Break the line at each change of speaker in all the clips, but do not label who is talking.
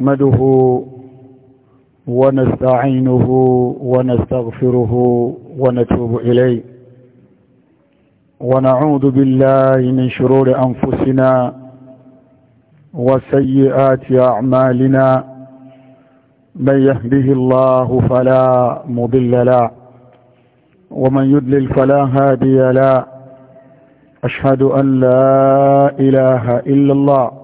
نحمده ونستعينه ونستغفره ونتوب إليه ونعوذ بالله من شرور أنفسنا وسيئات أعمالنا من يهده الله فلا مضل له ومن يدلل فلا هادي له أشهد أن لا إله إلا الله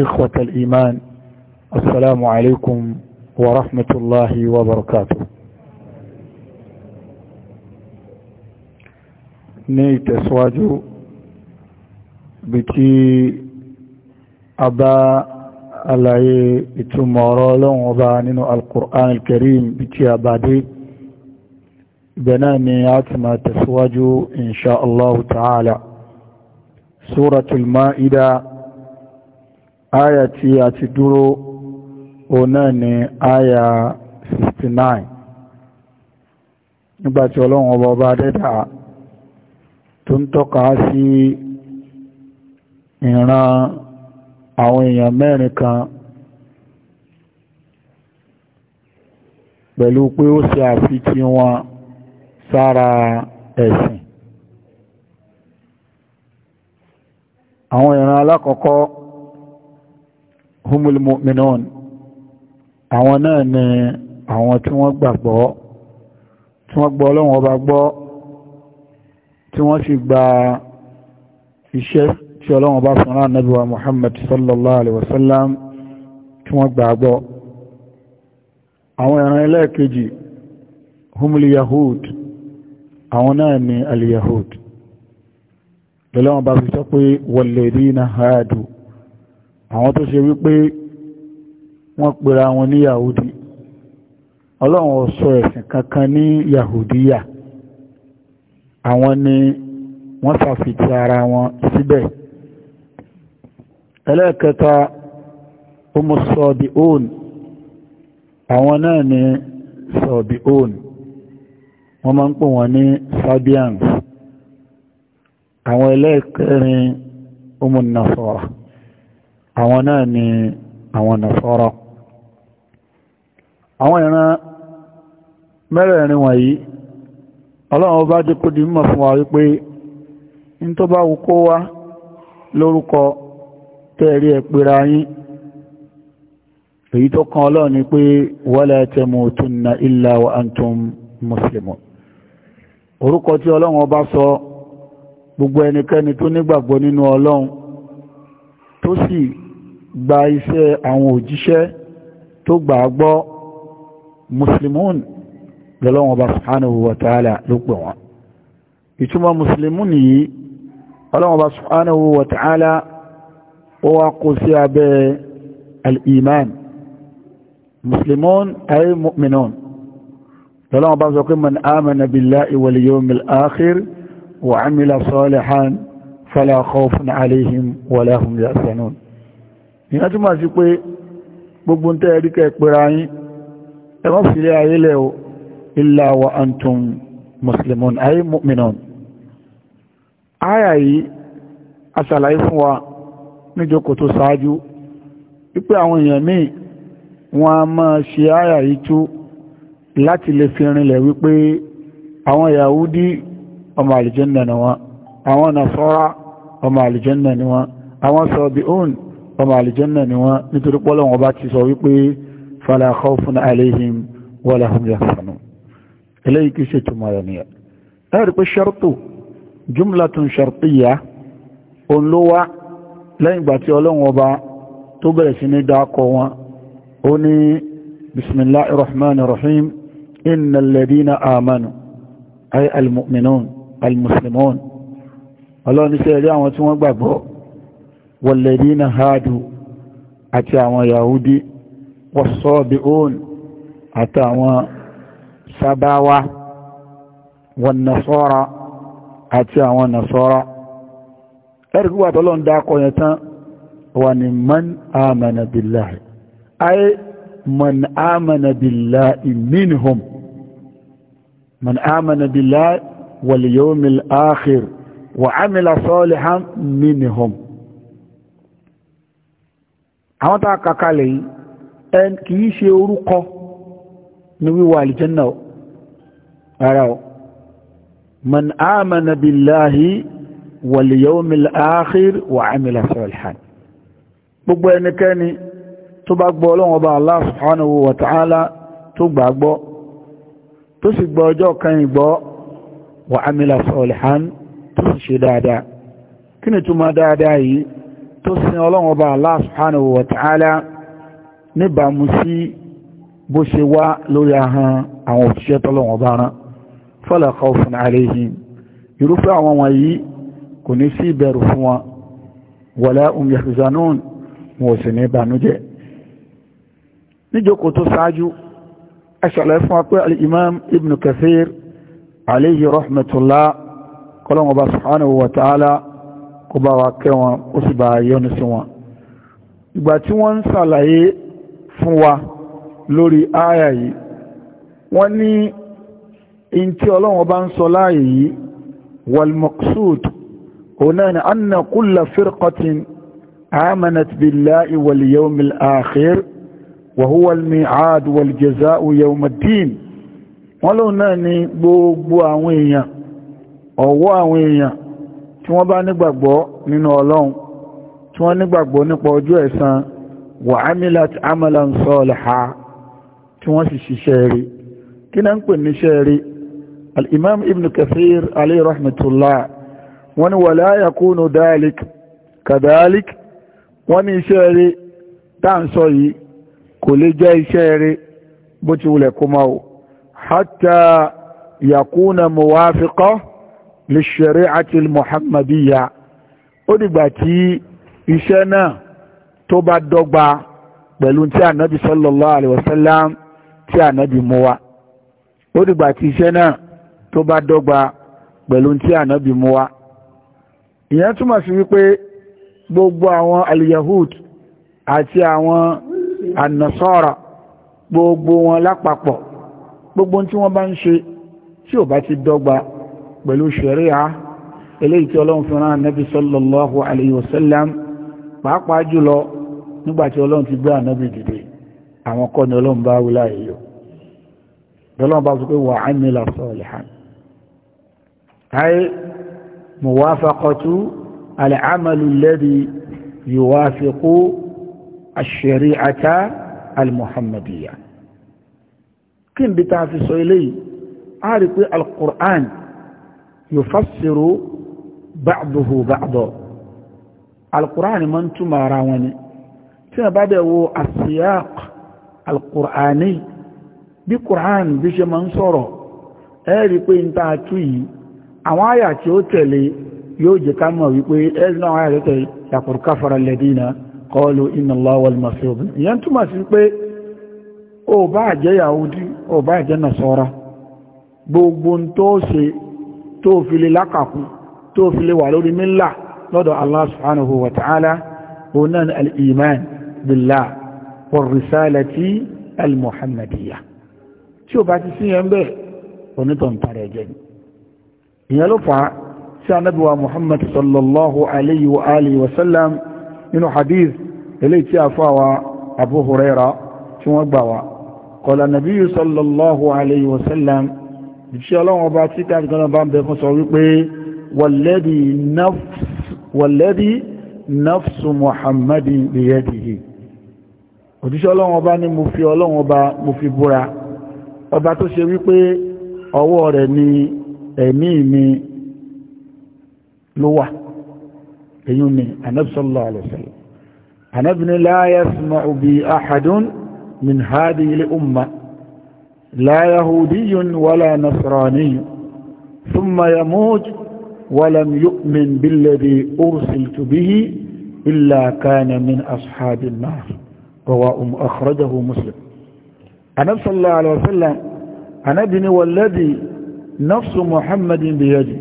إخوة الإيمان السلام عليكم ورحمة الله وبركاته نيت أسواجو بكي أبا ألاي إتمارالون وبانين القرآن الكريم بكي أبا دي بنا نيات ما تسواجو إن شاء الله تعالى سورة المائدة aya tí a ti dúró o náà ni aya 69 nígbàtí ọlọ́run ọba ọba dẹ́dà tó ń tọ́ka sí ìran àwọn èèyàn mẹ́rin kan pẹ̀lú pé ó ṣe àfitì wọn sára ẹ̀sìn àwọn ìran alákọ̀ọ́kọ́ humul mu'minun àwọn náà ni àwọn tí wọ́n gbàgbọ́ tí wọ́n gbọ́ ọlọ́run ọba gbọ́ tí wọ́n sì gba iṣẹ́ tí ọlọ́run ọba fún rán Ànábì wa Muhammad sallallahu alaihi wasallam tí wọ́n gbàgbọ́ àwọn ìran ẹlẹ́ẹ̀kejì humul yahud àwọn náà ni al-yahud lọ́lọ́run ọba fi sọ pé walladhina hadu àwọn tó ṣe wípé wọ́n pera wọn ní yahudi ọlọ́run ò sọ ẹ̀sìn kankan ní yahudiya àwọn ni wọ́n sàfitì ara wọn síbẹ̀ ẹlẹ́ẹ̀kẹta umu sọ̀bì òun àwọn náà ni sọ̀bì òun wọ́n máa ń pè wọ́n ní sabians àwọn ẹlẹ́ẹ̀kẹrin umu nasara àwọn náà ni àwọn nàṣọ́rọ̀ àwọn ìran mẹ́rẹ̀ẹ̀rin wọ̀nyí ọlọ́run ọba jẹ́ kó di mímọ̀ fún wa wípé ní tó bá wù kó wá lórúkọ tẹ́ẹ̀rí ẹ̀ pera yín èyí tó kan ọlọ́run ni pé wala tamutunna illa wa antum muslimun orúkọ tí ọlọ́run bá sọ gbogbo ẹnikẹ́ni tó nígbàgbọ́ nínú ọlọ́run tó sì gba iṣẹ́ àwọn òjíṣẹ́ tó gbà gbọ́ muslimun lọ́lọ́wọ́n bá subhanahu wa ta'ala ló pè wọ́n ìtumọ̀ muslimun yìí ọlọ́wọ́n bá subhanahu wa ta'ala ó wá kó sí abẹ́ al-iman muslimun ay mu'minun lọ́lọ́wọ́n bá sọ man amana billahi wal yawmil wa amila salihan fala alayhim wa lahum yahzanun ìyá tí máa sí pé gbogbo ń tẹ́ẹ̀rí pẹ̀rẹ̀ ayín ẹ má ayé lẹ̀ o illa wa antum muslimun ayé mu'minon ayà yìí aṣàlàyé fún wa níjókò tó ṣáájú wípé àwọn èèyàn míì wọn a máa ṣe ayà yìí tú láti lè fi rinlẹ̀ wípé àwọn yahudi ọmọ àlìjẹ́nà ni wọn àwọn nasara ọmọ àlìjẹ́nà ni wọn àwọn sọ̀bí òun ọmọ àlìjẹ́nà ni wọ́n nítorí pọ́lọ̀wọ́n bá ti sọ wípé fala khawfun alayhim wala hum yahzanun eléyìí kìí ṣe túnmọ̀ rẹ̀ nìyà ẹ̀rí pé ṣartu jumlatun shartiyya òun ló wá lẹ́yìn ìgbà tí ọlọ́wọ́n ọba tó àwọn tí wọ́n gbàgbọ́ walladina hadu àti àwọn yahudi was-sabi'un àti àwọn sábáwá wan-nasara àti àwọn nasara ẹ̀rìkú wà tọ́lọ́ ń dákọ̀ yẹn tán wà ní man amana billahi ayé man amana billahi man amana billahi wal yawmil akhir wa amila àwọn tá a kàkalẹ̀ yìí ẹn kì í ṣe orúkọ ní wíwọ àlìjẹ́nà ara ọ̀ man amana billahi wal yawmil akhir wa amila salihan gbogbo ẹnikẹ́ni tó bá gbọ́ ọlọ́wọ́n bá Allah subhanahu tó gbàgbọ́ tó sì gbọ́ ọjọ́ kan ìgbọ́ wa amila salihan tó sì ṣe dáadáa kí ni túmọ̀ dáadáa yìí tó sin ọlọ́run ọba Allah subhanahu wa ta'ala níbàámu sí bó ṣe wá lórí ahọ́n àwọn òṣìṣẹ́ tọ́lọ́run ọba rán fala khawfun alayhim irúfẹ́ àwọn wọ̀nyí kò ní sí ìbẹ̀rù fún wọn wala um yahzanun wọn ní ìbànújẹ́ kó bá wa kẹ́ wọn ó sì bá yọ́nú sí wọn ìgbà tí wọ́n ń ṣàlàyé fún wa lórí àyà yìí wọ́n ní in tí ọlọ́run bá ń sọ láàyè yìí walmaqsud ọ̀nà ni anna kulla firqatin amanat billahi wal yawmil akhir wa huwa al mi'ad wal jazaa'u yawmiddin wọ́n lóun náà ni gbogbo àwọn èèyàn ọ̀wọ́ àwọn èèyàn tí wọ́n bá nígbàgbọ́ nínú ọlọ́run tí wọ́n nígbàgbọ́ nípa ọjọ́ ẹ̀san wà amilat amalan saliha tí wọ́n sì ṣiṣẹ́ rí kí náà ń pè níṣẹ́ rí al'imam ibn kathir alayhi wọ́n ni wala yakunu lè ṣẹ̀rẹ́ àti mohammadiya ó dìgbà tí iṣẹ́ náà tó bá dọ́gba pẹ̀lú tí ànábì sallallahu alaihi wasallam tí ànábì mú wá ó dìgbà tí iṣẹ́ náà tó bá dọ́gba pẹ̀lú tí ànábì mú wá ìyẹn túmọ̀ sí wípé gbogbo àwọn aliyahud àti àwọn anasara gbogbo wọn lápapọ̀ gbogbo tí wọ́n bá ń ṣe tí ò bá ti dọ́gba pẹ̀lú ṣẹ̀ríà eléyìí tí ọlọ́run fi rán ànábì sallallahu alayhi wa sallam pàápàá jùlọ nígbàtí ọlọ́run ti gbé ànábì dìde àwọn kọ́ ni ọlọ́run bá wúlá èyí ọlọ́run bá sọ pé wa amila salihan ayé muwafaqatu al'amalu alladhi yuwafiqu ash-shari'ata al-muhammadiyya kí n bí ta fi sọ eléyìí a rí pé al yufassiru ba'duhu ba'da alkùránì máa ń túmọ̀ ara wọn ni tí a bá dẹ̀ wo asiyaq alkùránì bí kùránì bí ṣe máa ń sọ̀rọ̀ ẹ̀rí pé ń ta tú yìí àwọn àyà tí ó tẹ̀lé yóò jẹ́ ká mọ̀ wípé ẹ̀rí náà àyà tẹ̀lé yàkùrù káfàrà lẹ́dínà kọlu iná lọ́wọ́l masíobin ìyẹn túmọ̀ sí pé ó bá jẹ́ yahudi ó bá jẹ́ nasọ́ra gbogbo tó ṣe tó fi lè lákàkú tó fi lè wà lórí mílà lọ́dọ̀ Allah subhanahu wa ta'ala onan al'iman billah warrisalati al-muhammadiyya tí ó bá ti sí yẹn bẹ́ẹ̀ onítàn tàrẹ jẹ́ ìyẹn ló fa sí anábíwa muhammad sallallahu alayhi wa alihi wa sallam nínú hadith ilé ìṣẹ́ ọlọ́run ọba tí káàkiri bá ń bẹ fún sọ wípé wọ̀lẹ́dì nafsu muhammadin biyadihi òjíṣẹ́ ọlọ́run ọba ní mo fi ọlọ́run ọba mo fi búra ọba tó ṣe wípé ọwọ́ rẹ̀ ni ẹ̀mí mi ló wà èyí ni ànábì sallallahu alaihi wasallam ahadun min hadhihi al-umma لا يهودي ولا نصراني ثم يموت ولم يؤمن بالذي أرسلت به إلا كان من أصحاب النار رواه أخرجه مسلم أنا صلى الله عليه وسلم أنا ابن والذي نفس محمد بيدي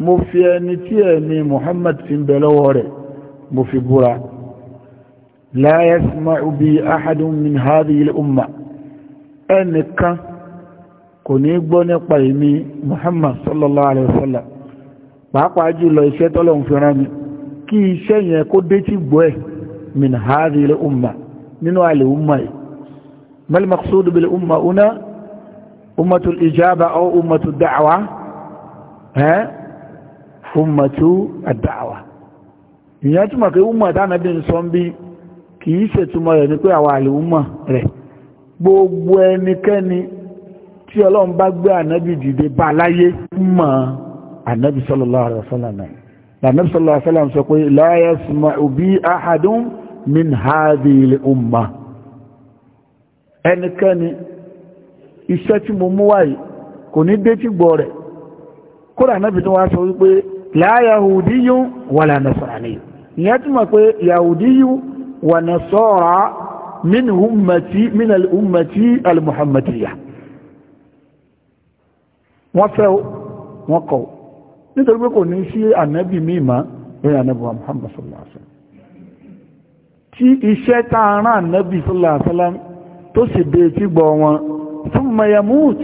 مفيانتي محمد في بلوري مفي برا لا يسمع بي أحد من هذه الأمة ẹnìkan kò ní gbọ́ nípa èmi Muhammad sallallahu alaihi wasallam pàápàá jùlọ iṣẹ́ tọ́lọ́hun fi rán mi kí iṣẹ́ yẹn kó dé tí gbọ́ ẹ̀ min hadhihi al-umma nínú àlè umma yìí mal maqsud bil umma una ummatul ijaba aw ummatud da'wa ha ummatu ad-da'wa ìyẹn túmọ̀ pé umma tánàbí ń sọ bí kì í ṣètúmọ̀ rẹ̀ ní pé àwọn àlè umma rẹ̀ gbogbo ẹnikẹ́ni tí ọlọ́run bá gbé ànábì dìde bá láyé mọ̀ ànábì sallallahu alaihi wasallam ànábì sallallahu alaihi wasallam sọ pé la yasma'u bi ahadun min hadhihi al-umma ẹnikẹ́ni iṣẹ́ tí mo mú wáyé kò ní dé tí gbọ́ rẹ̀ kódà ànábì tó wá sọ wípé la yahudiyyun wala nasrani ìyẹn túmọ̀ pé yahudiyyun wa nasara من أمتي من الأمة المحمدية wọ́n fẹ́ wọ́n kọ̀ nítorí pé kò ní sí ànábì mímá lórí ànábì wa Muhammad sallallahu alaihi wasallam tí iṣẹ́ tá a rán ànábì sallallahu alaihi wasallam tó sì dé tí gbọ́ wọn fún mayamut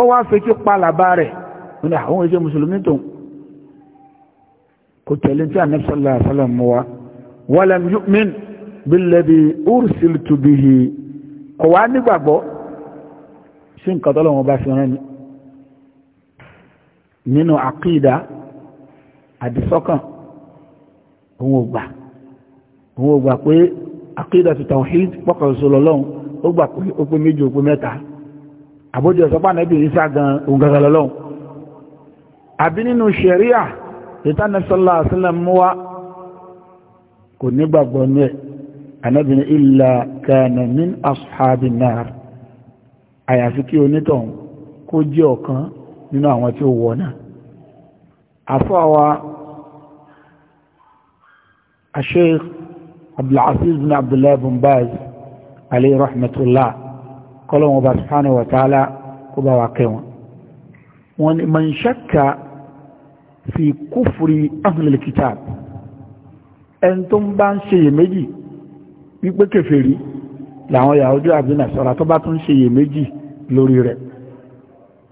ó wá fẹ́ kí palàbá rẹ̀ ní àwọn iṣẹ́ mùsùlùmí tó kò tẹ̀lé tí ànábì sallallahu alaihi wasallam mú wa walam yu'min bílẹ̀bí ursiltu bihi kò wá nígbàgbọ́ sí nǹkan tọ́lọ́wọ́n bá fi rán ni nínú àkídà àdìsọ́kàn òun ò gbà òun ò gbà pé àkídà tó tawhid pọ́kàn ìṣòlò lọ́hùn ó gbà pé ó pé méjì ó pé mẹ́ta àbójú ọ̀sọ́pá nẹ́bí isa gan òun gangan lọ́hùn àbí nínú ṣẹ̀ríà ìtànẹ́sọ́lá àṣìlẹ̀ mú wa kò nígbàgbọ́ ní ẹ̀ anábìnrin illa kana min ashabi nar àyàfi kí onítọ̀hún kó jẹ́ ọ̀kan nínú àwọn tí ó wọ̀ náà àfọwà asheikh abdulaziz bin abdullahi bin baz alayhi rahmatullah kọlọ́wọ́n bá subhanahu wa ta'ala kó bá wa kẹwọn wọn ni man shakka fi kufri ahlul kitab ẹni tó ń bá ń ṣe iyèméjì wípé kèfèrí làwọn Yahudi àbí Nasara tó bá tún ṣeyè méjì lórí rẹ̀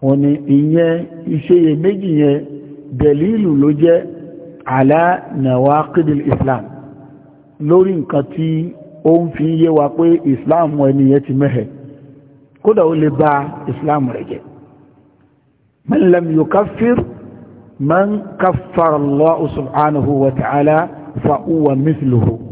wọ́n ní ìyẹn ìṣeyè méjì yẹn dẹ̀lílù ló jẹ́ ala nawaqidil Islam lórí nǹkan tí ó ń fi yé wa pé Islam ẹni yẹn ti mẹ́hẹ̀ kódà ó lè ba Islam rẹ̀ jẹ́ man lam yukaffir man kaffara Allah subhanahu wa ta'ala fa huwa mithluhu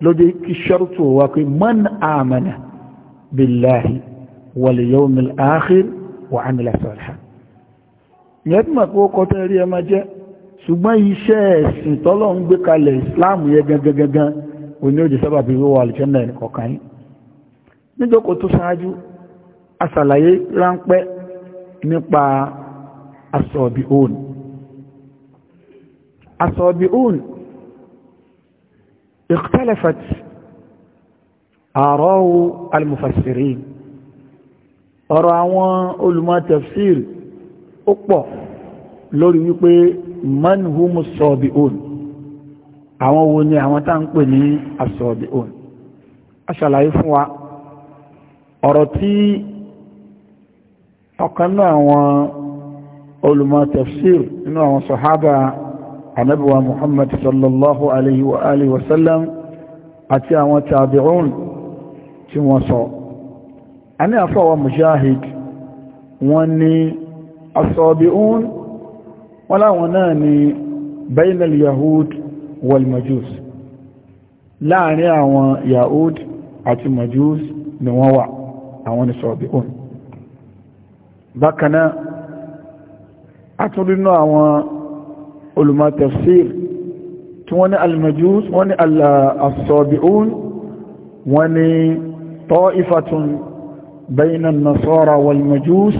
lóde kí ṣartu wa pé man amana billahi wal yawmil akhir wa amila salihan yẹn tí màá kó kọtẹ́ rí ẹ máa jẹ́ ṣùgbọ́n iṣẹ́ ẹ̀sìn tọ́lọ́ ń gbé kalẹ̀ islam yẹ gangan oní òjì sábà bí wọ́wọ́ alìjẹ́nà ẹ̀kọ̀kan yìí níjókò tó ṣáájú asàlàyé ráńpẹ́ nípa asọ̀bìhún asọ̀bìhún اختلفت آراء المفسرين ọ̀rọ̀ علماء تفسير tafsir ó pọ̀ lórí wípé man humu sọ́ọ̀bì'un àwọn wo ni àwọn tá ń pè ní asọ́ọ̀bì'un a ṣàlàyé fún wa ọ̀rọ̀ tí ọ̀kan náà àwọn olùmọ̀ tafsir nínú àwọn sọ̀hábà anabuwa muhammad sallallahu alayhi wa alihi wa sallam àti àwọn tabi'un tí wọ́n sọ a ní àfọwà mujahid wọ́n ní asọ́bíun wọ́n láwọn náà ni bainal yahud wal majus láàrin àwọn yahud àti majus ni wọ́n wà àwọn ni sọ́bíun bákanáà a tún olùmọ̀ tafsir tí wọ́n ní al-majus wọ́n ní al-asabi'un wọ́n ní ta'ifatun bayna an-nasara wal-majus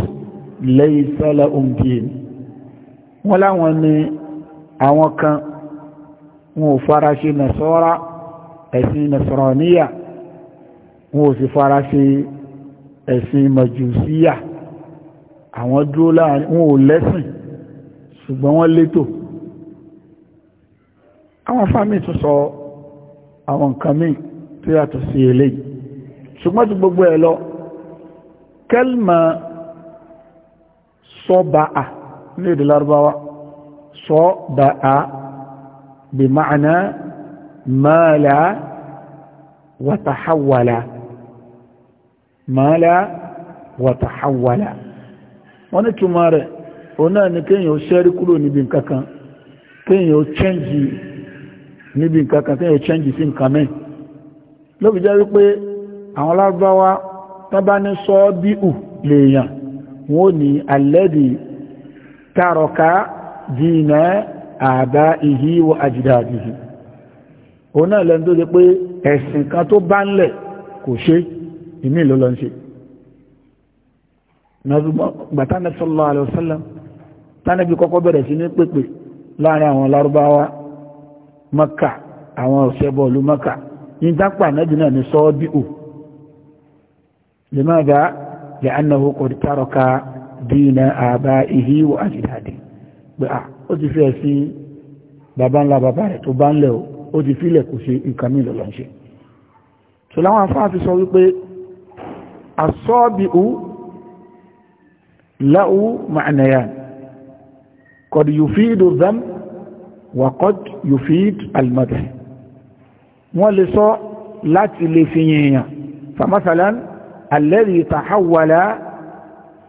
laysa lahum din wọ́n láwọn ní àwọn kan wọn ò fara ṣe nasara ẹ̀sìn nasaraniya wọn ò sì fara ṣe ẹ̀sìn majusiya àwọn dúró láàrin wọn ò lẹ́sìn ṣùgbọ́n wọ́n létò àwọn fámí tún sọ àwọn nǹkan míì tó yàtọ̀ sí eléyìí ṣùgbọ́n tí gbogbo ẹ̀ lọ kẹlmà sọ́bàá ní èdè lárúbáwá sọ́bàá bí ma'ana mala wàtàhàwàlá mala wàtàhàwàlá wọ́n ní túnmọ̀ rẹ̀ ni kéèyàn ó ṣẹ́rí kúrò níbi nǹkan kan kéèyàn ó níbi nǹkan kan tẹ́yẹ change sí nǹkan mẹ́ ló fi jẹ́ wípé àwọn lárúbáwá tọ́bá ní sọ bí ù lèèyàn wọ́n ní alẹ́dì tààrọ̀ká dìínà àbá ìhí wọ àjìdàdìhì òun náà lẹ́nu tó jẹ́ pé ẹ̀sìn kan tó bá ń lẹ̀ kò ṣe ìmí ló lọ ń ṣe gbàtánẹ́sọ́lọ́ àlọ́sọ́lọ́ tánẹ́bí kọ́kọ́ bẹ̀rẹ̀ sí ní pèpè láàrin àwọn lárúbáwá maka àwọn ọ̀ṣẹ́bọ̀ọ̀lú maka ní dápà náà náà ní sọ́ọ́dí ò لماذا لأنه قد ترك دين آبائه وأجداده gbà ó ti fi ẹ̀sìn bàbá ńlá bàbá rẹ̀ tó bá ń lẹ̀ ó ti fílẹ̀ kò ṣe nǹkan mí lọ́lọ́ ṣe so láwọn afáà fi sọ wípé asọ́bìú láwú ma'anayan kọ̀dìyù fíìdù dhanb waqad yufid almadh wọ́n lè sọ láti lè fi yìnyàn fàmásàlán alladhi tahawwala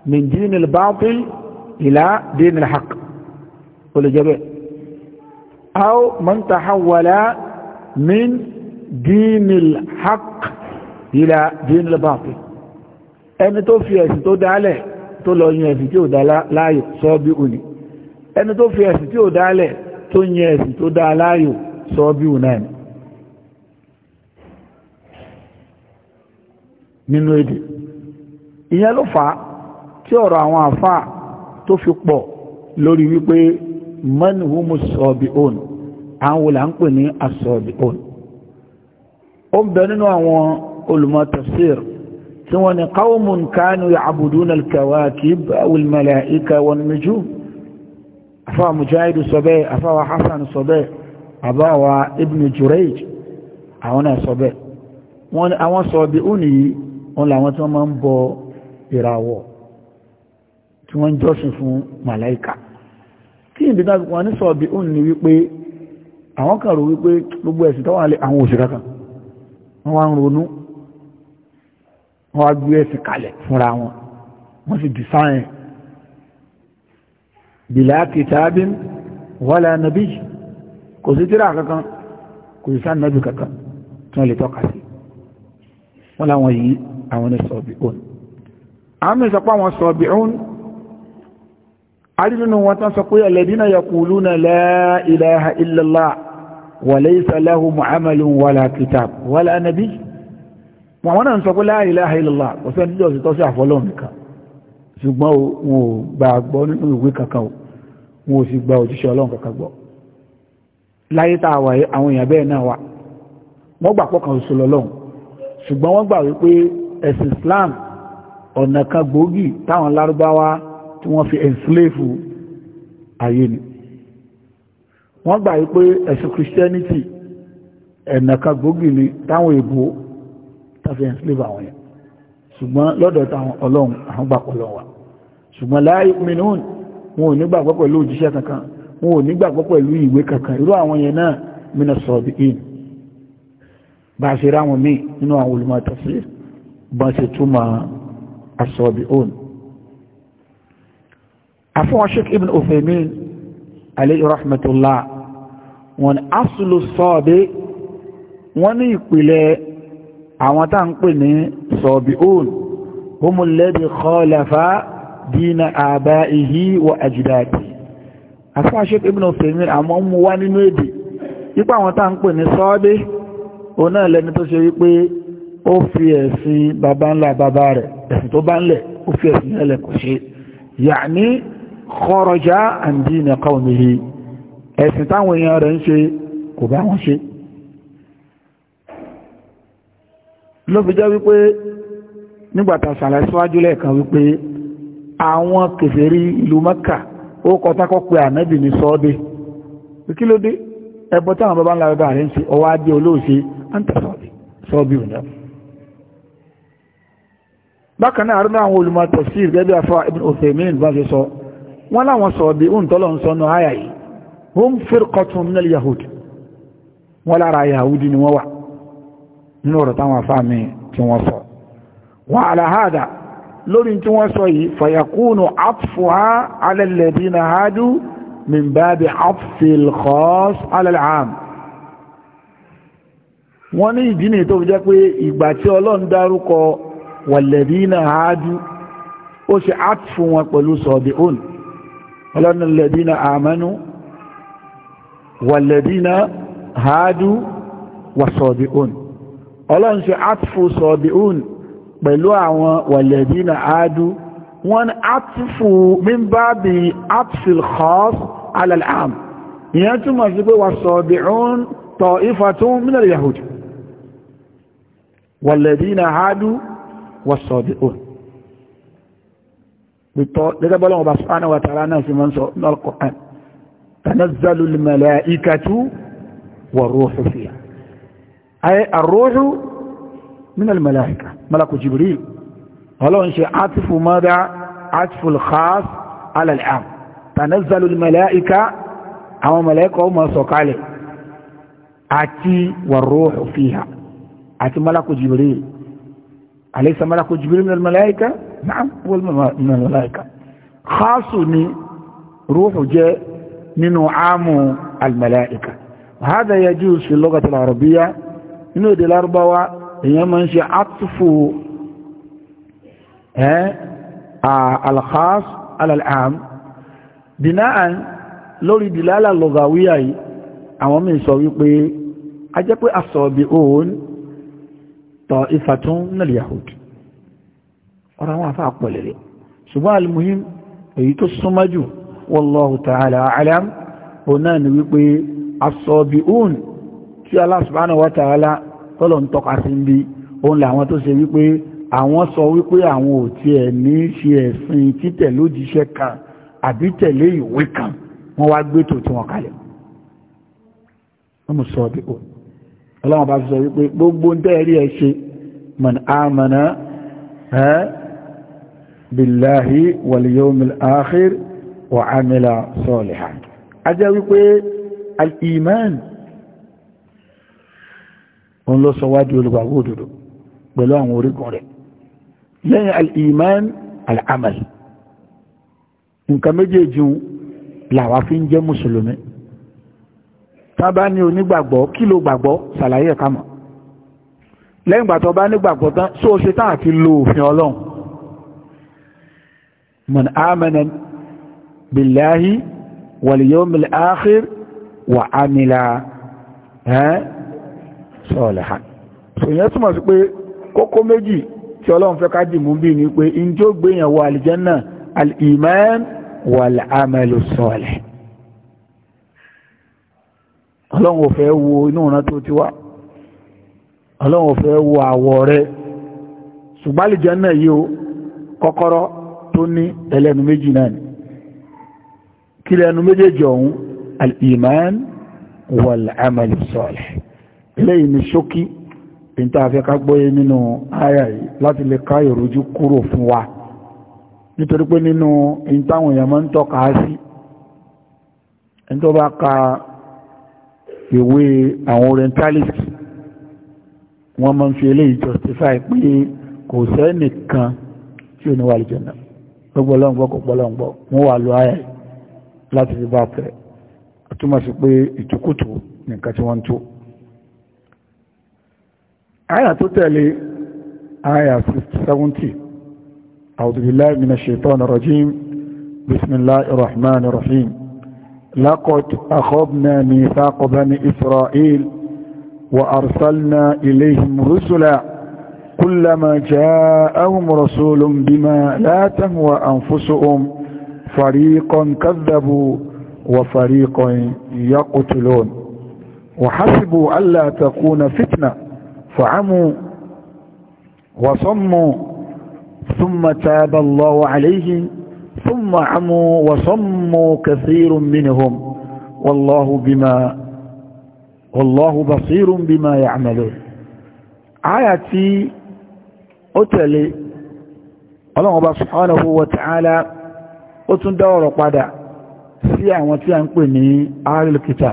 min din al-batil ila din al-haq ó lè jẹ́bẹ̀ aw man tahawwala min din al-haq ila din al-batil ẹni tó fi ẹ̀sìn tó dálẹ̀ tó lọ yìn ẹ̀sìn tí ó dá láàyè sọ́ bí òní ẹni tó fi ẹ̀sìn tí ó dálẹ̀ tó ń yẹ ẹ̀sìn tó dá aláyò sọ́ọ́bíù náà nínú èdè ìyẹn ló fà á tí ọ̀rọ̀ àwọn àfáà tó fi pọ̀ lórí wípé mọ́nìhùmù sọ̀ọ̀bì òun àwọn wòlà ń pè ní asọ̀ọ̀bì òun ó ń bẹ nínú àwọn olùmọ̀ tafsir tí wọ́n ní qawmun kánú ya'buduna al-kawakib aw al-mala'ika wan a mujahidu sọ bẹ́ẹ̀ afáwà hassan sọ bẹ́ẹ̀ àbáwà ibn jurej àwọn náà sọ bẹ́ẹ̀ wọ́n àwọn sọ bí ó nìyí awọn làwọn tí wọ́n bọ ìràwọ̀ tí wọ́n fún kí ní sọ bí wípé àwọn wípé gbogbo ẹ̀sìn tó wà àwọn wọ́n wá ń ronú wọ́n wá gbé ẹ̀sìn kalẹ̀ fúnra wọn wọ́n sì bìlá kìtàbín wọ́lá nàbí kò sí tíra kankan kò sí sáà nàbí kankan tí wọ́n lè tọ́ka sí wọ́n láwọn yìí àwọn ní sọ̀bìún àmì sọpá wọn sọ̀bìún arínú wọn tán sọ pé alladhina yaquluna la ilaha illallah wa laysa lahum amalun wala kitab wala nabi wọn náà sọ pé la ilaha illallah kò sẹ́ni jọ́ sí tọ́sí àfọlọ́ nìkan ṣùgbọ́n wọn ò gbà gbọ́ nínú ìwé kankan o wọn ò sì gba òjíṣẹ́ ọlọ́run kankan gbọ́ láyé tá a àwọn èèyàn bẹ́ẹ̀ náà wà wọ́n gbà pọ̀ kan ṣoṣo lọ́lọ́run ṣùgbọ́n wọ́n gbà wípé ẹ̀sìn Islam ọ̀nà kan gbòógì táwọn lárúbáwá tí wọ́n fi enslave ayé ni wọ́n gbà wípé ẹ̀sìn Christianity ẹ̀nà kan gbòógì ni táwọn èbó tá fi enslave àwọn yẹn ṣùgbọ́n lọ́dọ̀ táwọn ọlọ́run àwọn gbàpọ̀ lọ wà ṣùgbọ́n la yu'minun wọn ò nígbàgbọ́ pẹ̀lú òjíṣẹ́ kankan wọn ò nígbàgbọ́ pẹ̀lú ìwé kankan irú àwọn yẹn náà mina sabiin bá ṣe rá wọn míì nínú àwọn olùmọ̀ tafsir bá ṣe túmọ̀ as-sabiun afọ́n Sheikh Ibn Uthaymin alayhi rahmatullah wọn aslu sabi wọn ní ìpìlẹ̀ àwọn tá ń pè ní sọ̀bíún humulẹ́bí kọ́lẹ̀fà dínà àbá ihí wa àjìdáàdì afáṣẹ́ pé mínú fèmí àmọ́ mú wá nínú èdè ipá àwọn tá ń pè ní sọ́ọ́dé òun náà lẹ́ni tó ṣe wípé ó fi ẹ̀sìn bàbá ńlá bàbá rẹ̀ ẹ̀sìn tó bá ńlẹ̀ ó fi ẹ̀sìn ẹlẹ̀ kò ṣe ló fi jẹ́ wípé nígbàtà sàlẹ̀ síwájú lẹ́ẹ̀kan wípé àwọn kèfèrí ìlú Mẹ́kà ó kọtákọ́ pé ànábì ní sọ́ọ́dé kí ló dé ẹbọ táwọn bàbá ńlá bàbá rẹ̀ ń ṣe ọwọ́ adé olóòṣe àǹtà sọ́ọ́dé sọ́ọ́bì òǹdà bákan náà àrùn àwọn olùmọ̀ tafsir gẹ́gẹ́ bí afọ ibn Uthaymin bá ṣe sọ wọ́n lára yahudi ni wọ́n wà nínú ọ̀rọ̀ táwọn afáàmì tí wọ́n sọ wọ́n aláhádà lórí tí wọ́n sọ yìí fàyàkúnù àpfùhá alẹ́lẹ̀dínà hádú mìbábi àpfìlkọ́s alẹ́lẹ̀hàm wọ́n ní ìdí ni tó fi jẹ́ pé ìgbà tí ọlọ́run dárúkọ wàlẹ̀dínà hádú ó ṣe àpfù wọn pẹ̀lú sọ̀bí ọlọ́run ṣe átùfù sọ̀dìún pẹ̀lú àwọn wàlẹ̀dínà áádú wọ́n átùfù mímbábi átùfìl khas alàlám ìyẹn túnmọ̀ sí pé wà sọ̀dìún tọ̀ ifatún mínà yahudi wàlẹ̀dínà áádú wà sọ̀dìún gẹ́gẹ́ bọ́lọ́wọ́ ay arruhu min almalaika malaku jibril ọlọ́run ṣe atifu mada atifu alkhas ala al'am tanazzalu almalaika àwọn malaika ó máa sọ̀kalẹ̀ àti warruhu fiha àti malaku jibril alaysa malaku jibril min almalaika na'am huwa min almalaika khasu ni ruhu jẹ́ nínú amu almalaika وهذا يجوز في اللغة العربية nínú èdè lárúbáwá èyàn máa ń ṣe àtúfò ẹ́ alkhas alal'am dìnáàn lórí dìlálà lọ́gàwíyà yìí àwọn mìí sọ wípé a jẹ́ pé asọ̀bí òun tọ̀ ìfàtún nílì yahud ọ̀rọ̀ àwọn afá pọ̀lẹ̀lẹ̀ ṣùgbọ́n almuhim èyí tó súnmọ́jù wallahu ta'ala alam òun tọ́lọ̀ ń tọ́ka sí ń bí òun làwọn tó ṣe wípé àwọn sọ wípé àwọn ò tiẹ̀ ní ṣe ẹ̀sìn títẹ̀ lójíṣẹ́ kan àbí tẹ̀lé ìwé kan wọ́n wá gbé tòtí wọn kalẹ̀ wọ́n mú sọ bí o ọlọ́wọ́n bá wípé al-iman òun ló sọ wájú olùgbàgbọ́ òdodo pẹ̀lú àwọn orígun rẹ̀ lẹ́yìn al-iman al-amal nǹkan méjèèjì làwa fi ń jẹ́ mùsùlùmí tábà ní onígbàgbọ́ kí ló gbàgbọ́ ṣàlàyé ẹ̀ka mọ̀ lẹ́yìn ìgbà tó bá nígbàgbọ́ tán só ṣe tán àti lo òfin ọlọ́run sọ́ọ̀lẹ̀hàn sòyìn túnmọ̀ sí pé kókó méjì tí ọlọ́run fẹ́ ká dìmú bí ní pé in jó gbéyàn wọ àlìjẹ́nà al-iman wal-amalu sọ́ọ̀lẹ̀ ọlọ́run ò fẹ́ wo inú ìran tó ti àwọ̀ rẹ ṣùgbọ́n àlìjẹ́nà yìí kọ́kọ́rọ́ tó ní ẹlẹ́nu méjì náà ni kí lẹ́nu méjèèjì ọ̀hún al-iman wal-amalu sọ́ọ̀lẹ̀ eléyìí ni ṣókí ìta àfẹ́ká gbọ́yé nínú àyà yìí láti lè ká ìrújú kúrò fún wa nítorí pé nínú ìtawọn èèyàn máa ń tọ́ka sí ẹni tó bá ka ìwé àwọn orientalist wọ́n máa ń fi eléyìí justify pé kò sẹ́nìkan tí ò ní wà lìjẹ̀ náà gbogbo ọlọ́ngbọ́ kò pọ́lọ́ngbọ́ wọ́n wà lọ àyà yìí láti fi bá pẹ̀ túmọ̀ sí pé ìtukùtù nìkan tí wọ́n ń tó àyà tó آية àyà 70 آية أعوذ بالله من الشيطان الرجيم بسم الله الرحمن الرحيم لقد أخذنا ميثاق بني إسرائيل وأرسلنا إليهم رسلا كلما جاءهم رسول بما لا تهوى أنفسهم فريق كذبوا وفريق يقتلون وحسبوا ألا تكون فتنة فعموا وصموا ثم تاب الله عليهم ثم عموا وصموا كثير منهم والله بما والله بصير بما يعملون آياتي أتلي الله سبحانه وتعالى أتن دور قدع sí àwọn tí a ń pè ní alìkìtà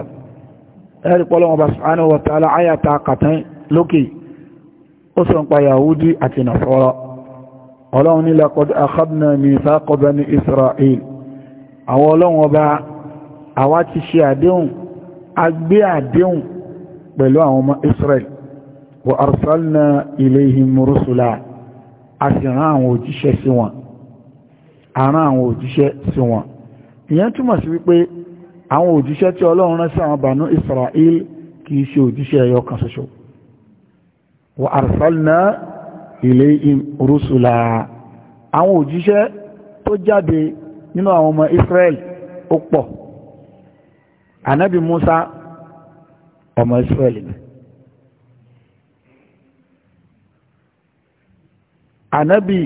ẹ̀rí pọ́lọ́wọ́ bá lókè ó sọ ń pa yahudi àti nasara ọlọ́run ní laqad akhadna mithaqa bani israel àwọn ọlọ́run ọba àwa ti ṣe àdéhùn a gbé àdéhùn pẹ̀lú àwọn ọmọ israel wa arsalna ilayhim rusula a sì rán àwọn òjíṣẹ́ sí wọn àrán àwọn òjíṣẹ́ sí wọn ìyẹn túmọ̀ sí wípé àwọn òjíṣẹ́ tí ọlọ́run rán sí àwọn bànú israel kìí ṣe òjíṣẹ́ ẹyọ kan ṣoṣo wa arsalna ilayhim rusula àwọn òjíṣẹ́ tó jáde nínú àwọn ọmọ Israel ó pọ̀ anabi Musa ọmọ Israel ni anabi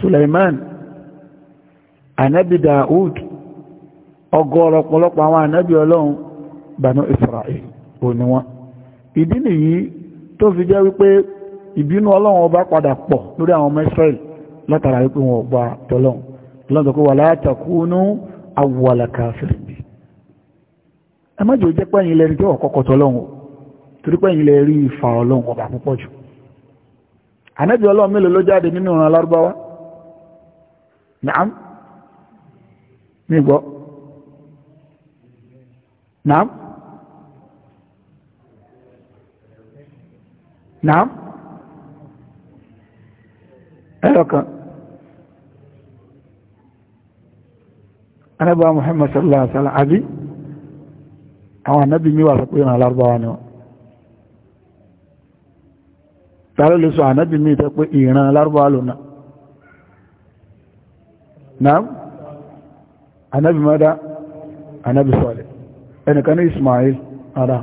Suleiman anabi Daud ọgọ́rọ̀ ọ̀pọ̀lọpọ̀ àwọn anabi Ọlọ́run banu israel ò wọn ìdí nìyí tó fi jẹ́ wípé ìbínú ọlọ́run ọba padà pọ̀ lórí àwọn ọmọ israel látara wípé wọn tọlọ́run lọ́n kó wà látàkúnú awwala kafirin bí ẹ má jò jẹ́ pẹ́yìn ọ̀kọ́kọ́ tọlọ́run torí ọba púpọ̀ jù ọlọ́run mélòó ló jáde nínú alárúbáwá náà ẹ̀rọ̀kan anábà Muhammad sallallahu alaihi wasallam àbí àwọn anábì mi wà sọ pé ìrìn alárúbáwá ni wọ́n tààrí lè sọ anábì mi tẹ́ pé ìrìn alárúbáwá lò náà anábì mọ́dá anábì sọ́lẹ̀ ẹnìkan ní Ismail ara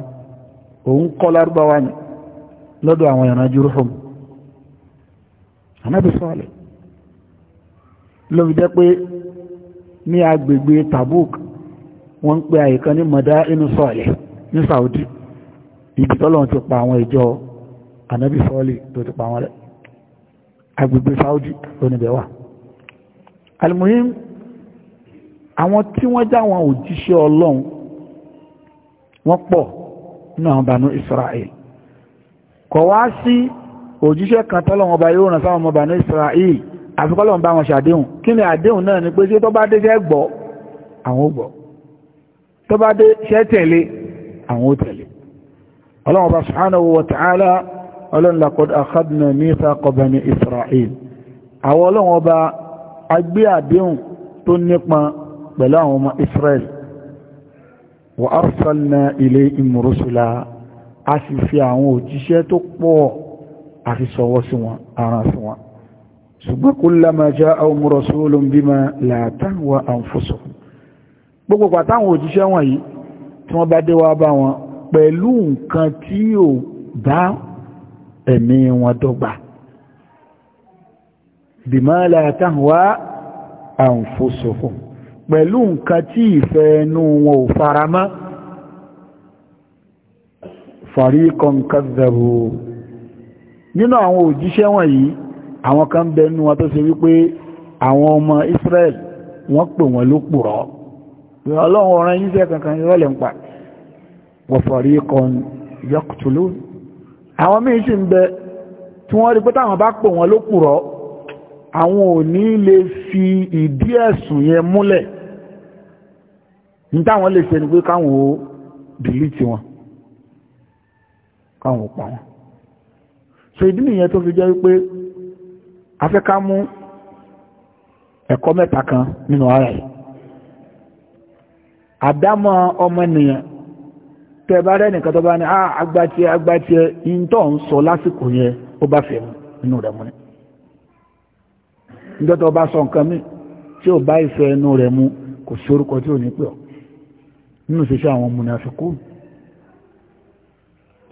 òun kọ́ lárúbáwá ni lọ́dọ̀ àwọn ìran jùrùhùm anábì sọ́ọ̀lẹ̀ ló fi jẹ́ pé ní agbègbè Tabuk wọ́n ń pe àyíká ní mọ̀dá inú sọ́ọ̀lẹ̀ ní Saudi ibi tọ́lọ́run ti pa àwọn ìjọ anábì sọ́ọ̀lẹ̀ tó ti pa wọn rẹ̀ agbègbè Saudi tó níbẹ̀ wà almuhim àwọn tí wọ́n já òjíṣẹ́ ọlọ́run wọ́n pọ̀ nínú àwọn Banu Israel kọ̀ wá sí òjíṣẹ́ kan tọ́lọ́wọ́n ọba yóò ràn sáwọn ọmọ bàánú Israel àfikọ́lọ́wọ́n bá wọn ṣàdéhùn kí ni àdéhùn náà ni pé tí tó bá dé ṣẹ́ gbọ́ àwọn ò gbọ́ bá dé ṣẹ́ tẹ̀lé àwọn ò tẹ̀lé ọlọ́wọ́n ọba subhanahu wa ta'ala a sì fi àwọn òjíṣẹ́ tó pọ̀ àfi sọwọ́ sí wọn ara sí wọn ṣùgbọ́n kullama ja'ahum rasulun bima la tahwa anfusuhum gbogbo pàtàwọn òjíṣẹ́ wọn yìí tí wọ́n bá dé wá bá wọn pẹ̀lú nǹkan tí ò bá ẹ̀mí wọn dọ́gba bima la tahwa pẹ̀lú nǹkan tí ìfẹ́ ẹnu wọn ò faramọ́ fariqan kadhabu nínú àwọn òjíṣẹ́ wọ̀nyí àwọn kan bẹ nínú wọn tó ṣe wípé àwọn ọmọ Israel wọ́n pè wọ́n lópùrọ́ ọlọ́run ọ̀ràn yíṣẹ́ kankan ìrọ́lẹ̀ ń pa wa fariqan yaqtulun àwọn míì sì ń bẹ tí wọ́n rí pé táwọn bá pè ní táwọn lè ṣe ni pé káwọn ò dìlítì wọn káwọn pa so ìdí nìyẹn tó fi jẹ́ wípé afẹ́ká mú ẹ̀kọ́ mẹ́ta kan nínú ara yìí àdámọ́ ọmọnìyàn tẹ́ bá rẹ́ nìkan tó bá ní agbátiẹ agbátiẹ ìntọ́ ń sọ lásìkò yẹn ó bá fẹ́ inú rẹ̀ mú ní ìjọ́tọ̀ bá sọ nǹkan mí tí ó bá ìfẹ́ inú rẹ̀ mú kò sí orúkọ tí ò ní pẹ́ ọ́ nínú ìṣẹ́ṣẹ́ àwọn ọmọ ní àfikún